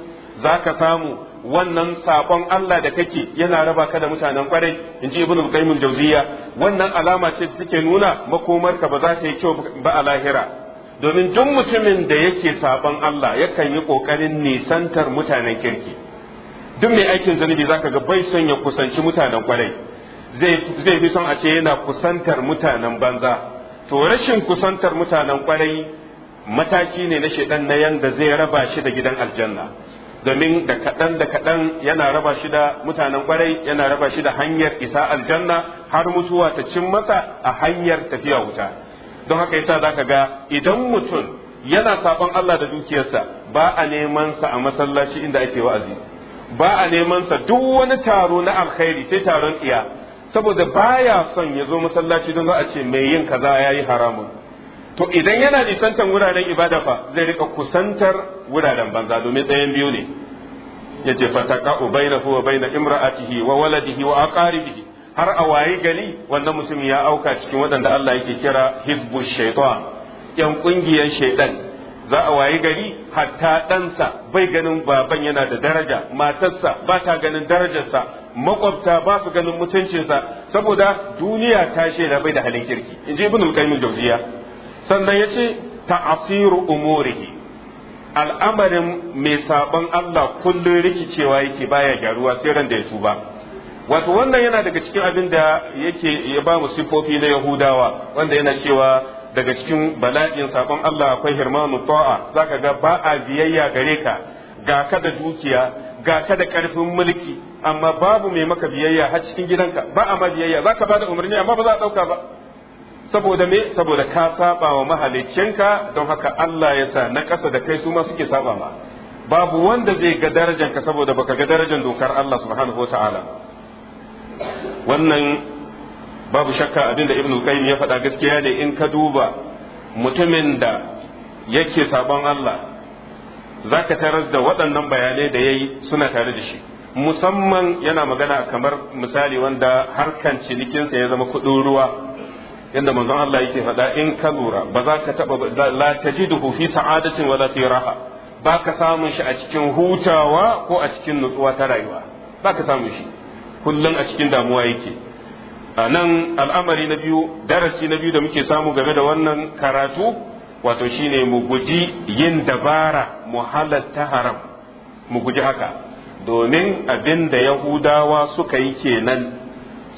Speaker 1: zaka samu wannan sabon Allah da kake yana raba ka da mutanen kwarai in ji ibnu qayyim jawziya wannan alama ce da take nuna makomarka ba za ta yi kyau ba a lahira domin duk mutumin da yake sabon Allah yakan yi kokarin nisantar mutanen kirki duk mai aikin zanubi zaka ga bai son ya kusanci mutanen kwarai zai fi son a ce yana kusantar mutanen banza to rashin kusantar mutanen kwarai mataki ne na shedan na yanda zai raba shi da gidan aljanna domin da kaɗan da kaɗan yana raba shi da mutanen kwarai yana raba shi da hanyar isa aljanna har mutuwa ta cin masa a hanyar tafiya wuta don haka yasa zaka ga idan mutum yana sabon Allah da dukiyarsa ba a neman sa a masallaci inda ake wa'azi ba a neman sa duk wani taro na alkhairi sai taron iya saboda baya son ya zo masallaci don za a ce mai yin kaza yayi haramun to idan yana nisantar wuraren ibada fa zai rika kusantar wuraren banza domin tsayen biyu ne Ya ce fataka bainahu wa baina imra'atihi wa waladihi wa aqaribihi har a wayi gari wannan mutum ya auka cikin waɗanda Allah yake kira hizbu shaitan yan kungiyar shaitan za a wayi gari hatta ɗansa bai ganin baban yana da daraja matarsa ba ta ganin darajarsa makwabta ba su ganin mutuncinsa saboda duniya ta shaida bai da halin kirki in ji ibn al-qayyim jawziya sannan ya ce ta asiru umurihi al'amarin mai sabon Allah kullum rikicewa yake baya gyaruwa sai ran da ya tuba wato wannan yana daga cikin abin da yake ya ba mu sifofi na Yahudawa wanda yana cewa daga cikin bala'in sabon Allah akwai hirmanu ta'a zaka ga ba a biyayya gare ka ga ka da dukiya ga ka da karfin mulki amma babu mai maka biyayya har cikin gidanka ba a ma biyayya zaka ba da umarni amma ba za a dauka ba saboda me saboda ka saba wa mahaliccinka don haka Allah ya sa na ƙasa da kai su ma suke saba ma babu wanda zai ga darajanka saboda baka ga darajan dokar Allah subhanahu wataala wannan babu shakka abin da ibnu qayyim ya faɗa gaskiya ne in ka duba mutumin da yake sabon Allah zaka tarar da waɗannan bayanai da yayi suna tare da shi musamman yana magana kamar misali wanda harkan cinikinsa ya zama kuɗin ruwa yanda manzon Allah yake faɗa in ka lura ba za ka taɓa la tajiduhu fi sa'adatin wala fi raha ba ka samun shi a cikin hutawa ko a cikin nutsuwa ta rayuwa ba ka samun shi kullum a cikin damuwa yake a nan al'amari na biyu darasi na biyu da muke samu game da wannan karatu wato shine mu guji yin dabara mu halatta haram mu guji haka domin abin da yahudawa suka yi kenan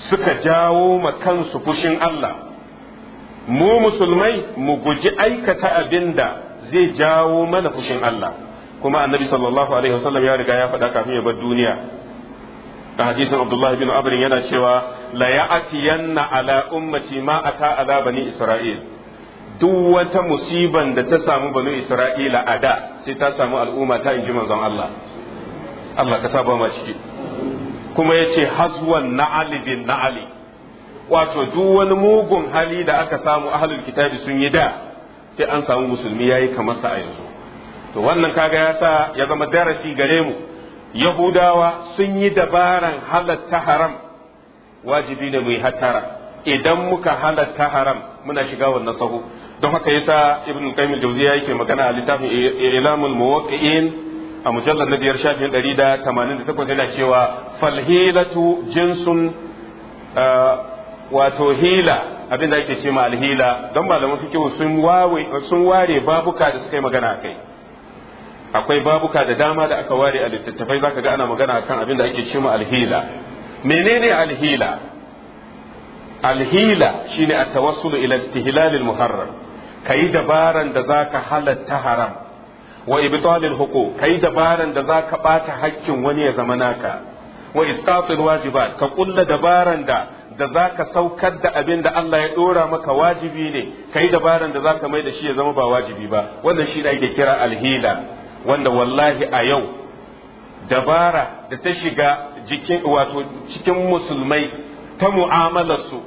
Speaker 1: suka jawo ma kansu fushin Allah mu musulmai mu guji aikata abin da zai jawo mana fushin Allah kuma annabi sallallahu alaihi wasallam ya riga ya faɗa kafin ya bar duniya da hadisin abdullahi bin abrin yana cewa la ya'tiyanna ala ummati ma ata ala bani isra'il duk wata musiban da ta samu bani isra'ila a da sai ta samu al'umma ta inji manzon Allah Allah ka saba ma ciki kuma yace hazwan na'ali bin na'ali wato duk wani mugun hali da aka samu ahlul kitabi sun yi da sai an samu musulmi yayi kamar sa a yanzu to wannan kaga ya sa ya zama darasi gare mu yahudawa sun yi dabaran halatta haram wajibi ne mu yi hattara idan muka halatta haram muna shiga wannan sahu don haka yasa ibn qayyim jawziya yake magana a littafin ilamul muwaqqi'in a mujallar na biyar shafin ɗari da tamanin da takwas yana cewa falhilatu jinsun ah, wato hila abin da ake ce ma alhila don malaman fikihu sun ware babuka da suka yi magana a kai akwai babuka da dama da aka ware a littattafai zaka ga ana magana akan abin da ake ce alhila menene alhila alhila shine a tawassulu ila istihlal muharram kai dabaran da zaka halatta haram wa ibtalil huquq kai dabaran da zaka bata haƙƙin wani ya zama naka wa isqatul wajibat ka kulla dabaran da da za ka saukar da abin da Allah ya ɗora maka wajibi ne ka yi dabaran da za ka mai da shi ya zama ba wajibi ba wannan shi ake kira alhila wanda wallahi a yau dabara da ta shiga jikin wato cikin musulmai ta mu'amalarsu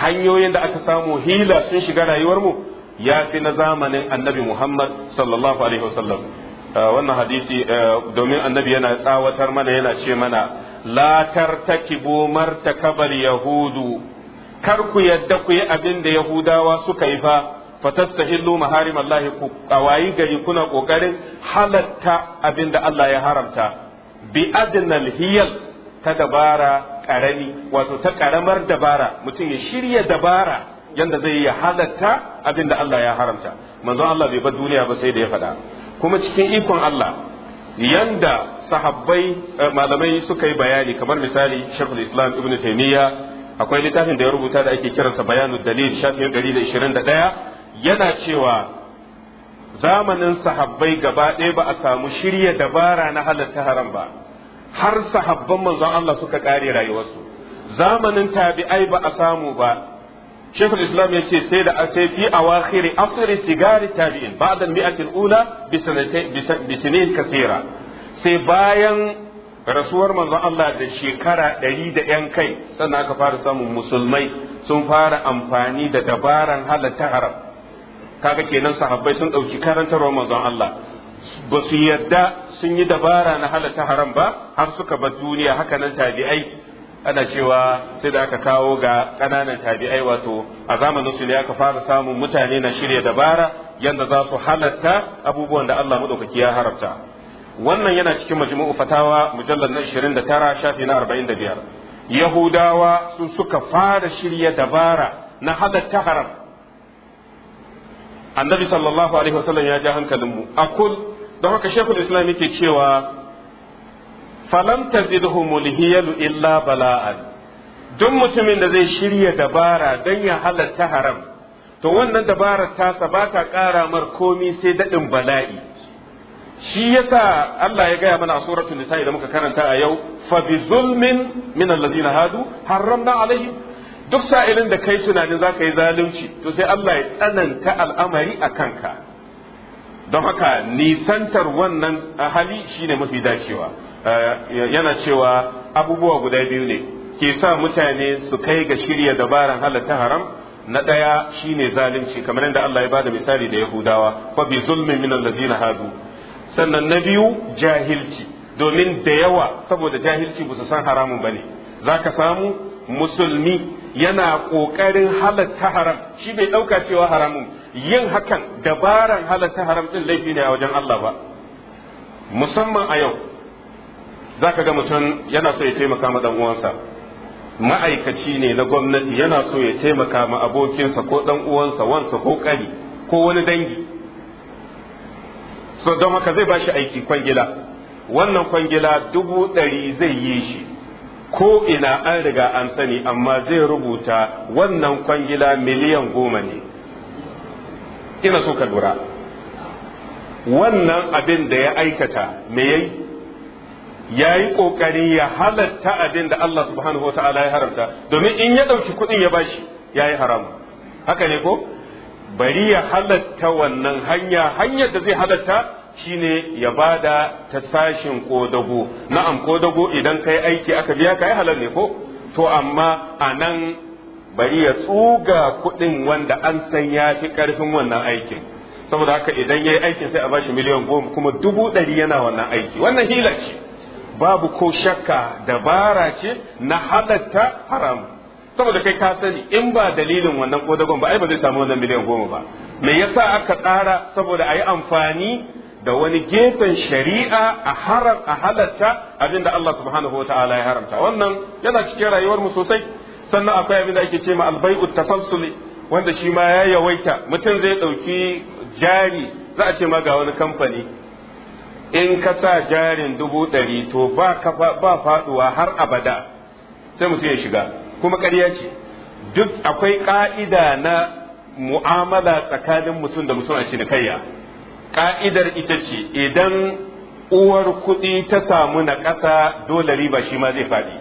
Speaker 1: hanyoyin da aka samu hila sun shiga rayuwarmu ya fi na zamanin annabi Muhammad sallallahu alaihi wasallam uh, wannan hadisi uh, domin annabi yana tsawatar mana yana ce mana ki bomarta kabar yahudu kar ku yarda ku yi abinda yahudawa suka yi fa fatastahillu maharim Allah ku kawayi gari kuna kokarin halarta abin da Allah ya haramta bi adnal hiyal ta dabara karami wato ta ƙaramar dabara mutum ya shirya dabara yadda zai ya halarta abin da Allah ya haramta manzon Allah bai bar duniya ba sai da ya faɗa kuma cikin ikon Allah yanda sahabbai eh, malamai suka yi bayani kamar misali shekul islam ibn taimiyya akwai littafin da ya rubuta da ake kiransa bayanu dalil shafin 121 yana cewa zamanin sahabbai gaba ɗaya ba a samu shirya dabara na halatta haram ba har sahabban manzon Allah suka ƙare rayuwarsu zamanin tabi'ai ba a samu ba shekul ya ce sai da sai fi awakhiri asri sigari tabi'in ba'da al-mi'ati al-ula bi sinin kaseera sai bayan rasuwar manzon Allah da shekara ɗari da ‘yan kai sannan aka fara samun musulmai sun fara amfani da dabaran halatta haram kaga kenan sahabbai sun ɗauki karantarwar manzon Allah ba su yadda sun yi dabara na halatta haram ba har suka bar duniya haka nan tabi'ai ana cewa sai da aka kawo ga ƙananan tabi'ai wato a zamanin su ne aka fara samun mutane na shirya dabara yadda za su halatta abubuwan da Allah madaukaki ya haramta wannan yana cikin majmu'u fatawa mujallal na 29 shafi na 45 yahudawa su suka fara shirya dabara na halatta haram annabi sallallahu alaihi wasallam ya ja hankalin mu akul don haka shekul islam yake cewa falam tazidhu mulhiyalu illa bala'an duk mutumin da zai shirya dabara don ya halatta haram to wannan dabarar tasa ba ta ƙara mar komi sai daɗin bala'i shi yasa Allah ya gaya mana a suratul nisa da muka karanta a yau fa bi zulmin min allazina hadu haramna alaihim duk sa'ilin da kai tunanin za ka yi zalunci to sai Allah ya tsananta al'amari a kanka don haka nisantar wannan hali shine mafi dacewa Eh, yana cewa abubuwa guda biyu ne ke sa mutane su kai ga shirya dabaran halatta haram na ɗaya shine zalunci kamar yadda Allah ya bada misali da Yahudawa fa bi zulmin min allazina hadu sannan na biyu jahilci domin da yawa saboda jahilci ba su san haramun bane zaka samu musulmi yana ƙoƙarin halatta haram shi bai ɗauka cewa haramun yin hakan dabaran halatta haram ɗin laifi ne a wajen Allah ba musamman a yau za ka ga mutum yana so ya taimaka ma dan uwansa ma'aikaci ne na gwamnati yana so ya taimaka ma abokinsa ko dan uwansa wansa ko kari ko wani dangi so don haka zai bashi aiki kwangila wannan kwangila dubu ɗari zai yi shi ko ina an riga an sani amma zai rubuta wannan kwangila miliyan goma ne ina so ka lura wannan abin da ya aikata me yayi ya yi ƙoƙari ya halatta abin da Allah subhanahu wa ta'ala ya haramta domin in ya ɗauki kuɗin ya bashi ya yi haramu haka ne ko bari ya halatta wannan hanya hanyar da zai halatta shine ya bada ta sashin kodago na'am kodago idan kai aiki aka biya ka yi halar ne ko to amma a nan bari ya tsuga kuɗin wanda an san ya fi ƙarfin wannan aikin saboda haka idan ya yi aikin sai a bashi miliyan goma kuma dubu ɗari yana wannan aiki wannan hila ce babu ko shakka dabara ce na halatta haram saboda kai ka sani in ba dalilin wannan kodagon ba ai ba zai samu wannan miliyan goma ba me yasa aka tsara saboda a yi amfani da wani gefen shari'a a haram a halatta abinda Allah subhanahu wa ta'ala ya haramta wannan yana cikin rayuwar mu sosai sannan akwai abin da ake ce ma albai'ut wanda shi ma ya yawaita mutum zai dauki jari za a ce ma ga wani kamfani in ka sa jarin dubu ɗari to ba faɗuwa har abada sai mutum ya shiga kuma ƙarya ce duk akwai ƙa'ida na mu'amala tsakanin mutum da mutum a cinikayya ƙa'idar ita ce idan uwar kuɗi ta samu na ƙasa dole riba shi ma zai faɗi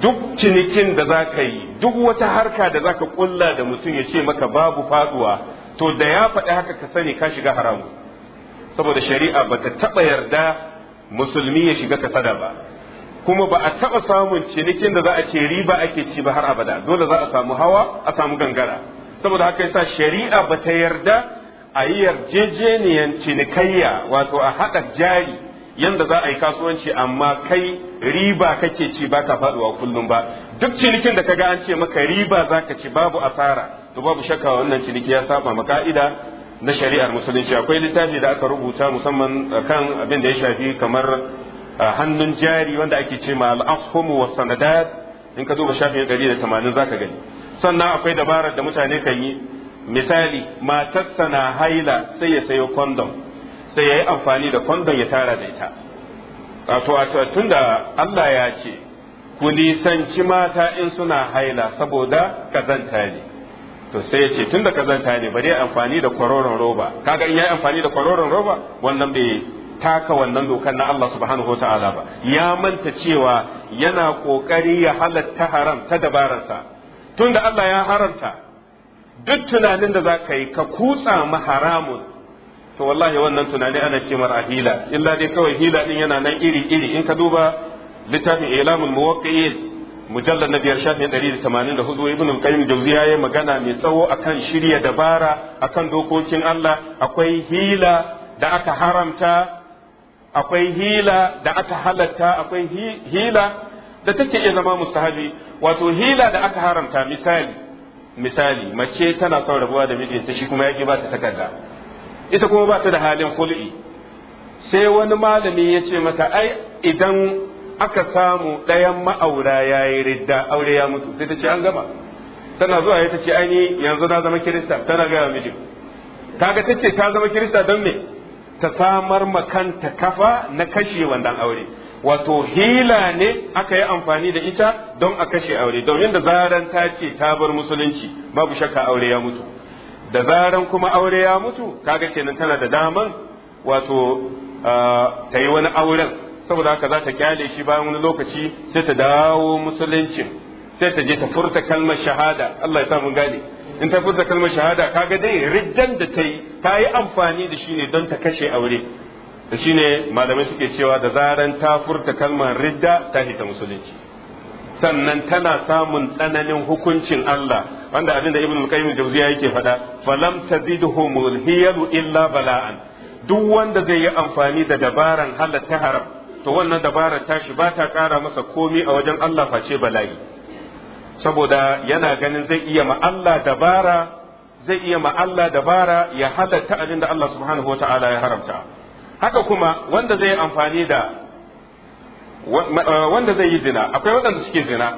Speaker 1: duk cinikin da za ka yi duk wata harka da za ka ƙulla da mutum ya ce maka babu faɗuwa to da ya faɗi haka ka sani ka shiga haramu saboda shari'a bata taɓa yarda musulmi ya shiga kasada ba kuma ba a taɓa samun cinikin da za a ce riba ake ci ba har abada dole za a samu hawa a samu gangara saboda haka yasa shari'a bata yarda a yi yarjejeniyan cinikayya wato a haɗa jari yanda za a yi kasuwanci amma kai riba kake ci ba ka faduwa kullum ba duk cinikin da kaga an ce maka riba zaka ci babu asara to babu shakka wannan ciniki ya saba ma ka'ida na shari'ar musulunci akwai littafi da aka rubuta musamman kan abin da ya shafi kamar hannun jari wanda ake ce ma al'afhumu wa sanadat in ka duba shafin da tamanin zaka gani sannan akwai dabarar da mutane kan yi misali matarsa na haila sai ya sayo kondom sai ya yi amfani da kondom ya tara da ita wato tun da Allah ya ce ku nisanci mata in suna haila saboda kazanta ne to sai ya ce tun da kazanta ne bari amfani da kwaroron roba kaga in yayi amfani da kwaroron roba wannan bai taka wannan dokar na Allah subhanahu wataala ba ya manta cewa yana kokari ya halatta haram ta dabararsa tun da Allah ya haramta duk tunanin da za ka yi ka kutsa ma haramun to wallahi wannan tunani ana ce mar hila illa dai kawai hila din yana nan iri iri in ka duba littafin ilamul muwaqqi'in mujallar na biyar shafin ɗari da tamanin da hudu ibn al-qayyim jauziya ya magana mai tsawo akan shirya dabara akan dokokin Allah akwai hila da aka haramta akwai hila da aka halatta akwai hila da take iya zama mustahabi wato hila da aka haramta misali misali mace tana son rabuwa da mijinta shi kuma yake ba ta takarda ita kuma ba ta da halin kul'i sai wani malami ya ce mata ai idan aka samu ɗayan ma'aura ya yi ridda aure ya mutu sai ta ce an gama tana zuwa ya ta ce aini yanzu na zama kirista tana gaya mijin kaga ta ce ta zama kirista don me ta samar makanta kafa na kashe wannan aure wato hila ne aka yi amfani da ita don a kashe aure domin da zaran ta ce ta bar musulunci babu shakka aure ya mutu da zaran kuma aure ya mutu kaga kenan tana da daman wato ah, ta yi wani auren saboda haka za ta kyale shi bayan wani lokaci sai ta dawo musulunci sai ta je ta furta kalmar shahada Allah ya sa mun gane in ta furta kalmar shahada kaga dai riddan da ta yi ta yi amfani da shi ne don ta kashe aure da shi ne malamai suke cewa da zaran ta furta kalmar ridda ta hita musulunci sannan tana samun tsananin hukuncin Allah wanda abin da ibn qayyim Jauziya yake faɗa falam taziduhum alhiyalu illa bala'an duk wanda zai yi amfani da dabaran halatta haram to wannan dabarar tashi ba ta ƙara masa komi a wajen Allah face bala'i saboda yana ganin zai iya ma Allah dabara zai iya ma dabara ya halatta abin da Allah subhanahu wata'ala ya haramta haka kuma wanda zai amfani da eh, wanda zai yi zina akwai waɗanda suke zina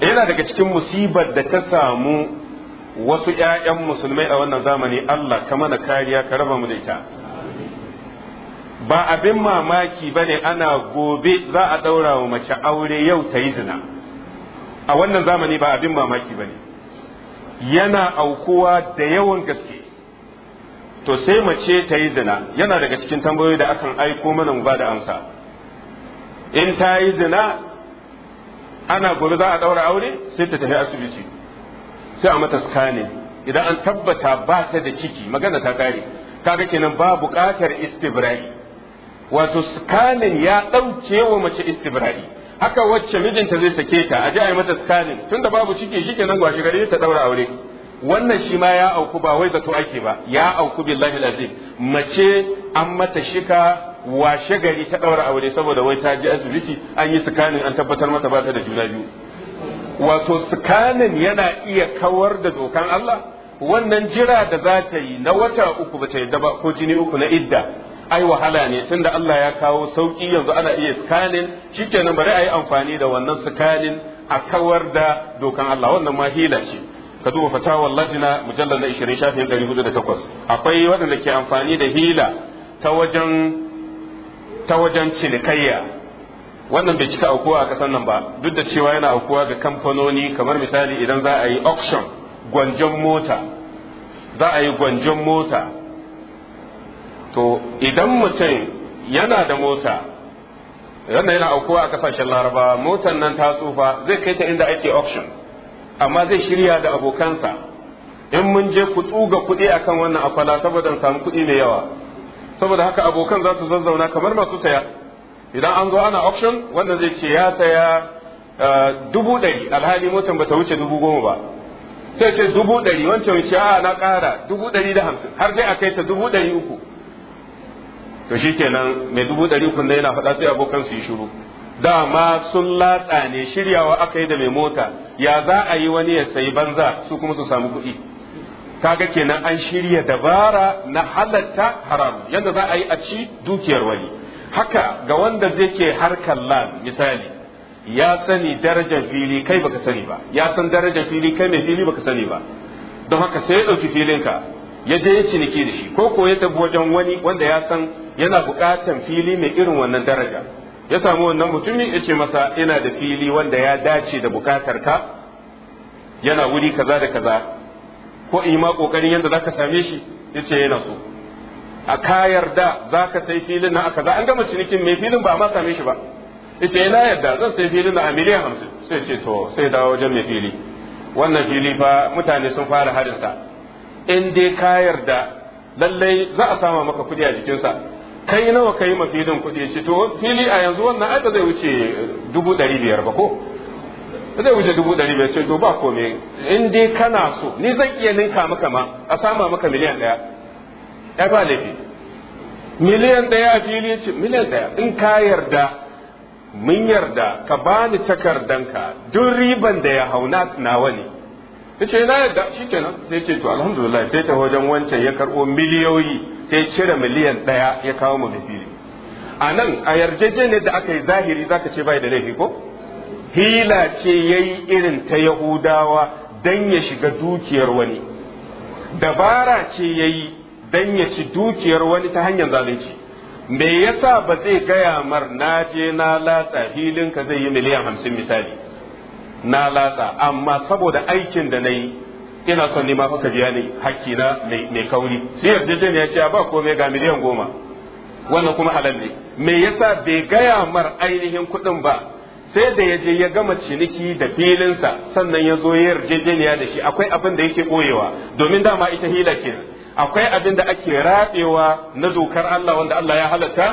Speaker 1: yana daga cikin musibar da ta samu wasu ‘ya'yan musulmai a wannan zamani Allah ka mana kariya ka raba mu da ita ba abin mamaki ba ana gobe za a ɗaura wa mace aure yau ta yi zina a wannan zamani ba abin mamaki ba ne yana aukuwa da yawan gaske to sai mace ta yi zina yana daga cikin tambayoyi da akan aiko mana mu ba da amsa in ta yi zina ana gobe za a ɗaura aure sai ta tafi asibiti sai a mata scanning idan an tabbata ba ta da ciki magana ta kare kaga kenan ba buƙatar istibra'i wato scanning ya ɗauke wa mace istibra'i haka wacce mijinta zai sake ta a ji a yi mata scanning tunda babu ciki nan gwashi gari ta daura aure wannan shi ma ya auku ba wai zato ake ba ya auku billahi lazim mace an mata shika washe gari ta daura aure saboda wai ta je asibiti an yi scanning an tabbatar mata ba ta da juna biyu wato scanning yana iya kawar da dokan Allah wannan jira da za ta yi na wata uku ba ta yadda ba ko jini uku na idda ai wahala ne tunda Allah ya kawo sauki yanzu ana iya scanning shikenan bari ayi amfani da wannan scanning a kawar da dokan Allah wannan ma hila ce ka duba fatawar lajina mujallar na 20 shafin 408 akwai waɗanda ke amfani da hila ta wajen ta wajen cinikayya wannan bai cika aukuwa a kasan nan ba duk da cewa yana aukuwa ga kamfanoni kamar misali idan za a yi auction gwanjon mota za a yi gwanjon mota to idan mutum yana da mota yana yana aukuwa a kasashen laraba motar nan ta tsufa zai kai ta inda ake auction amma zai shirya da abokansa in mun je ku tsuga kuɗi akan wannan akwala saboda samu kuɗi mai yawa saboda haka abokan za su zazzauna kamar masu saya idan an zo ana auction wanda zai ce ya saya eh, dubu ɗari alhali motar bata wuce dubu goma ba sai ce dubu ɗari wancan shi na ƙara dubu ɗari da hamsin har zai a kai ta dubu ɗari uku to shi kenan mai dubu ɗari kun yana faɗa sai abokan su yi shiru dama sun latsa ne shiryawa aka yi da mai mota ya za a yi wani ya sayi banza su kuma su samu kuɗi kaga kenan an shirya dabara na halatta haram yadda za a yi a ci dukiyar wani haka ga wanda zai ke harkar lan misali ya sani darajar fili kai baka sani ba ya san darajar fili kai mai fili baka sani ba don haka sai ya ɗauki filinka ya je ya ciniki da shi ko ko ya tafi wajen wani wanda ya san yana bukatan fili mai irin wannan daraja ya samu wannan mutumin ya ce masa ina da fili wanda ya dace da bukatar ka yana wuri kaza da kaza ko in ma kokarin yadda zaka same shi ya ce yana so a kayar da zaka sai filin na kaza an gama cinikin mai filin ba ma same shi ba ya ce yana yarda zan sai filin na a miliyan hamsin sai ce to sai dawo wajen mai fili wannan fili fa mutane sun fara harinsa in dai ka yarda lallai za a sama maka kuɗi a jikinsa kai nawa ka yi mafilin kuɗi ce to fili a yanzu wannan ai ba zai wuce dubu ɗari biyar ba ko ba zai wuce dubu ɗari biyar ce to ba komai in dai kana so ni zan iya ninka maka ma a sama maka miliyan ɗaya ya ba laifi miliyan ɗaya a fili ce miliyan ɗaya in ka yarda mun yarda ka bani takardanka duk riban da ya hauna nawa ne ya na yadda shi kenan sai ce to alhamdulillah sai ta wajen wancan ya karɓo miliyoyi sai cire miliyan ɗaya ya kawo mu fili a nan a yarjejeniyar da aka yi zahiri za ka ce bai da laifi ko hila ce ya yi irin ta yahudawa don ya shiga dukiyar wani dabara ce ya yi don ya ci dukiyar wani ta hanyar zalunci me yasa ba zai gaya mar na je na latsa ka zai yi miliyan hamsin misali na latsa amma saboda aikin da na yi ina son nima fa ka biya ni hakki na mai kauri sai yarjejeniya ce ba komai ga miliyan goma wannan kuma halal ne me yasa bai gaya mar ainihin kuɗin ba sai da yaje ya gama ciniki da filinsa sannan ya zo ya yarjejeniya da shi akwai abin da yake ɓoyewa domin dama ita hila ke akwai abin da ake radewa na dokar Allah wanda Allah ya halatta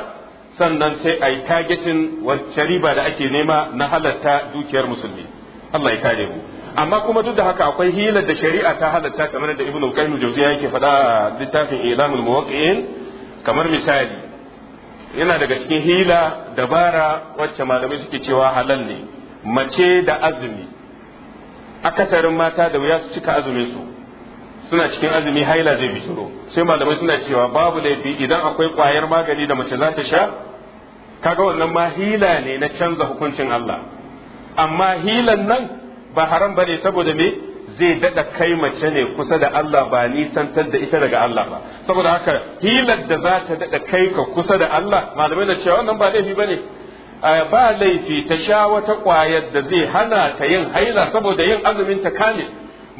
Speaker 1: sannan sai a yi targetin wacce riba da ake nema na halatta dukiyar musulmi Allah ya kare mu amma kuma duk da haka akwai hilar da shari'a ta halatta kamar da ibnu qayyim jawziya yake faɗa a littafin ilamul muwaqqi'in kamar misali yana daga cikin hila dabara wacce malamai suke cewa halal ne mace da azumi akasarin mata da wuya su cika azumin su suna cikin azumi haila zai bishiro sai malamai suna cewa babu laifi idan akwai kwayar magani da mace za ta sha kaga wannan ma hila ne na canza hukuncin Allah amma hilan nan ba haram bane saboda me zai dada kai mace ne kusa da Allah ba nisantar da ita daga Allah ba saboda haka hilar da za ta dada kai ka kusa da Allah malamai na cewa wannan ba laifi bane ba laifi ta sha wata kwayar da zai hana ta yin haila saboda yin azumin ta kamil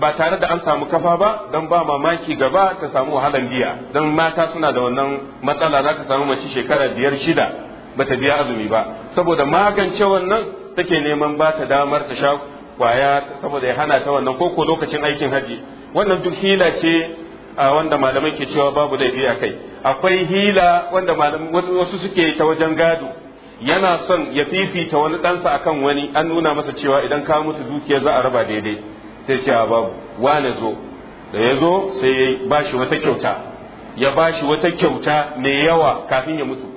Speaker 1: ba tare da an samu kafa ba don ba mamaki gaba ta samu wahalar biya don mata suna da wannan matsala za ka samu mace shekara biyar shida bata biya azumi ba saboda magance wannan take neman ba ta damar ta sha kwaya saboda ya hana ta wannan koko lokacin aikin hajji wannan duk hila ce a wanda malamai ke cewa babu laifi a kai akwai hila wanda wasu suke ta wajen gado yana son ya fifita wani ɗansa akan wani an nuna masa cewa idan ka mutu dukiya za a raba daidai sai ce a babu wane zo da ya zo sai ya ba wata kyauta ya ba shi wata kyauta mai yawa kafin ya mutu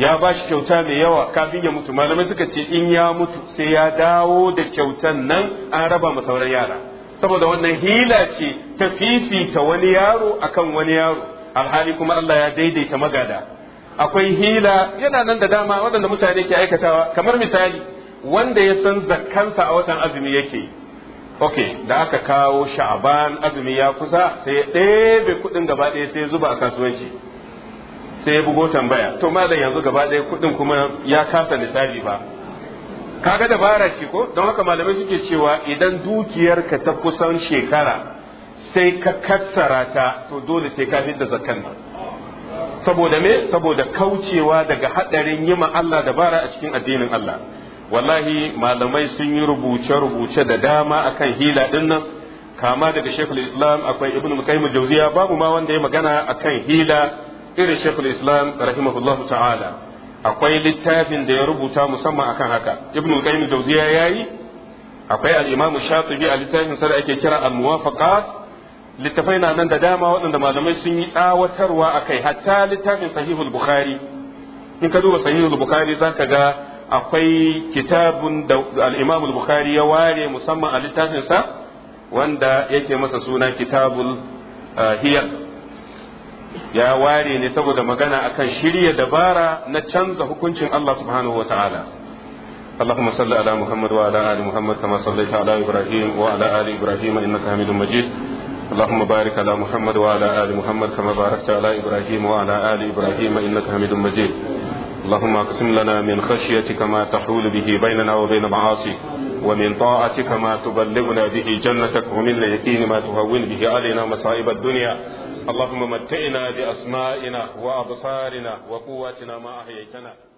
Speaker 1: ya ba shi kyauta mai yawa kafin ya mutu malamai suka ce in ya mutu sai ya dawo da kyautan nan an raba ma sauran yara saboda wannan hila ce ta fifita wani yaro akan wani yaro alhali kuma Allah ya daidaita magada akwai hila yana nan da dama waɗanda mutane ke aikatawa kamar misali wanda ya san zakkansa a watan azumi yake ok da aka kawo sha'aban azumi ya kusa sai ya ɗebe kuɗin gaba ɗaya sai ya zuba a kasuwanci sai ya bugo tambaya to malam yanzu gaba ɗaya kuɗin kuma ya kasa lissafi ba kaga dabara ce ko don haka malamai suke cewa idan dukiyarka ta kusan shekara sai ka kassara ta to dole sai ka fidda zakkan nan saboda me saboda kaucewa daga hadarin yima Allah dabara a cikin addinin Allah wallahi malamai sun yi rubuce-rubuce da dama akan hila din nan kama daga Sheikhul Islam akwai Ibn Qayyim Jawziya babu ma wanda ya magana akan hila irin shekul islam rahimahullahu ta'ala akwai littafin da ya rubuta musamman akan haka ibnu qayyim ya yayi akwai al-imam shatibi a littafin sa da ake kira al-muwafaqat littafai na nan da dama waɗanda malamai sun yi tsawatarwa akai hatta littafin sahihul bukhari in ka duba sahihul bukhari zaka ga akwai kitabun da al-imam bukhari ya ware musamman a littafin sa wanda yake masa suna kitabul eh, hiyal ya ware ne saboda magana akan shirya dabara na canza hukuncin Allah subhanahu wa ta'ala اللهم صل على محمد وعلى ال محمد كما صليت على ابراهيم وعلى ال ابراهيم انك حميد مجيد اللهم بارك على محمد وعلى ال محمد كما باركت على ابراهيم وعلى ال ابراهيم انك حميد مجيد اللهم اقسم لنا من خشيتك ما تحول به بيننا وبين معاصيك ومن طاعتك ما تبلغنا به جنتك ومن اليقين ما تهون به علينا مصائب الدنيا اللهم متئنا بأسمائنا وأبصارنا وقواتنا ما أحييتنا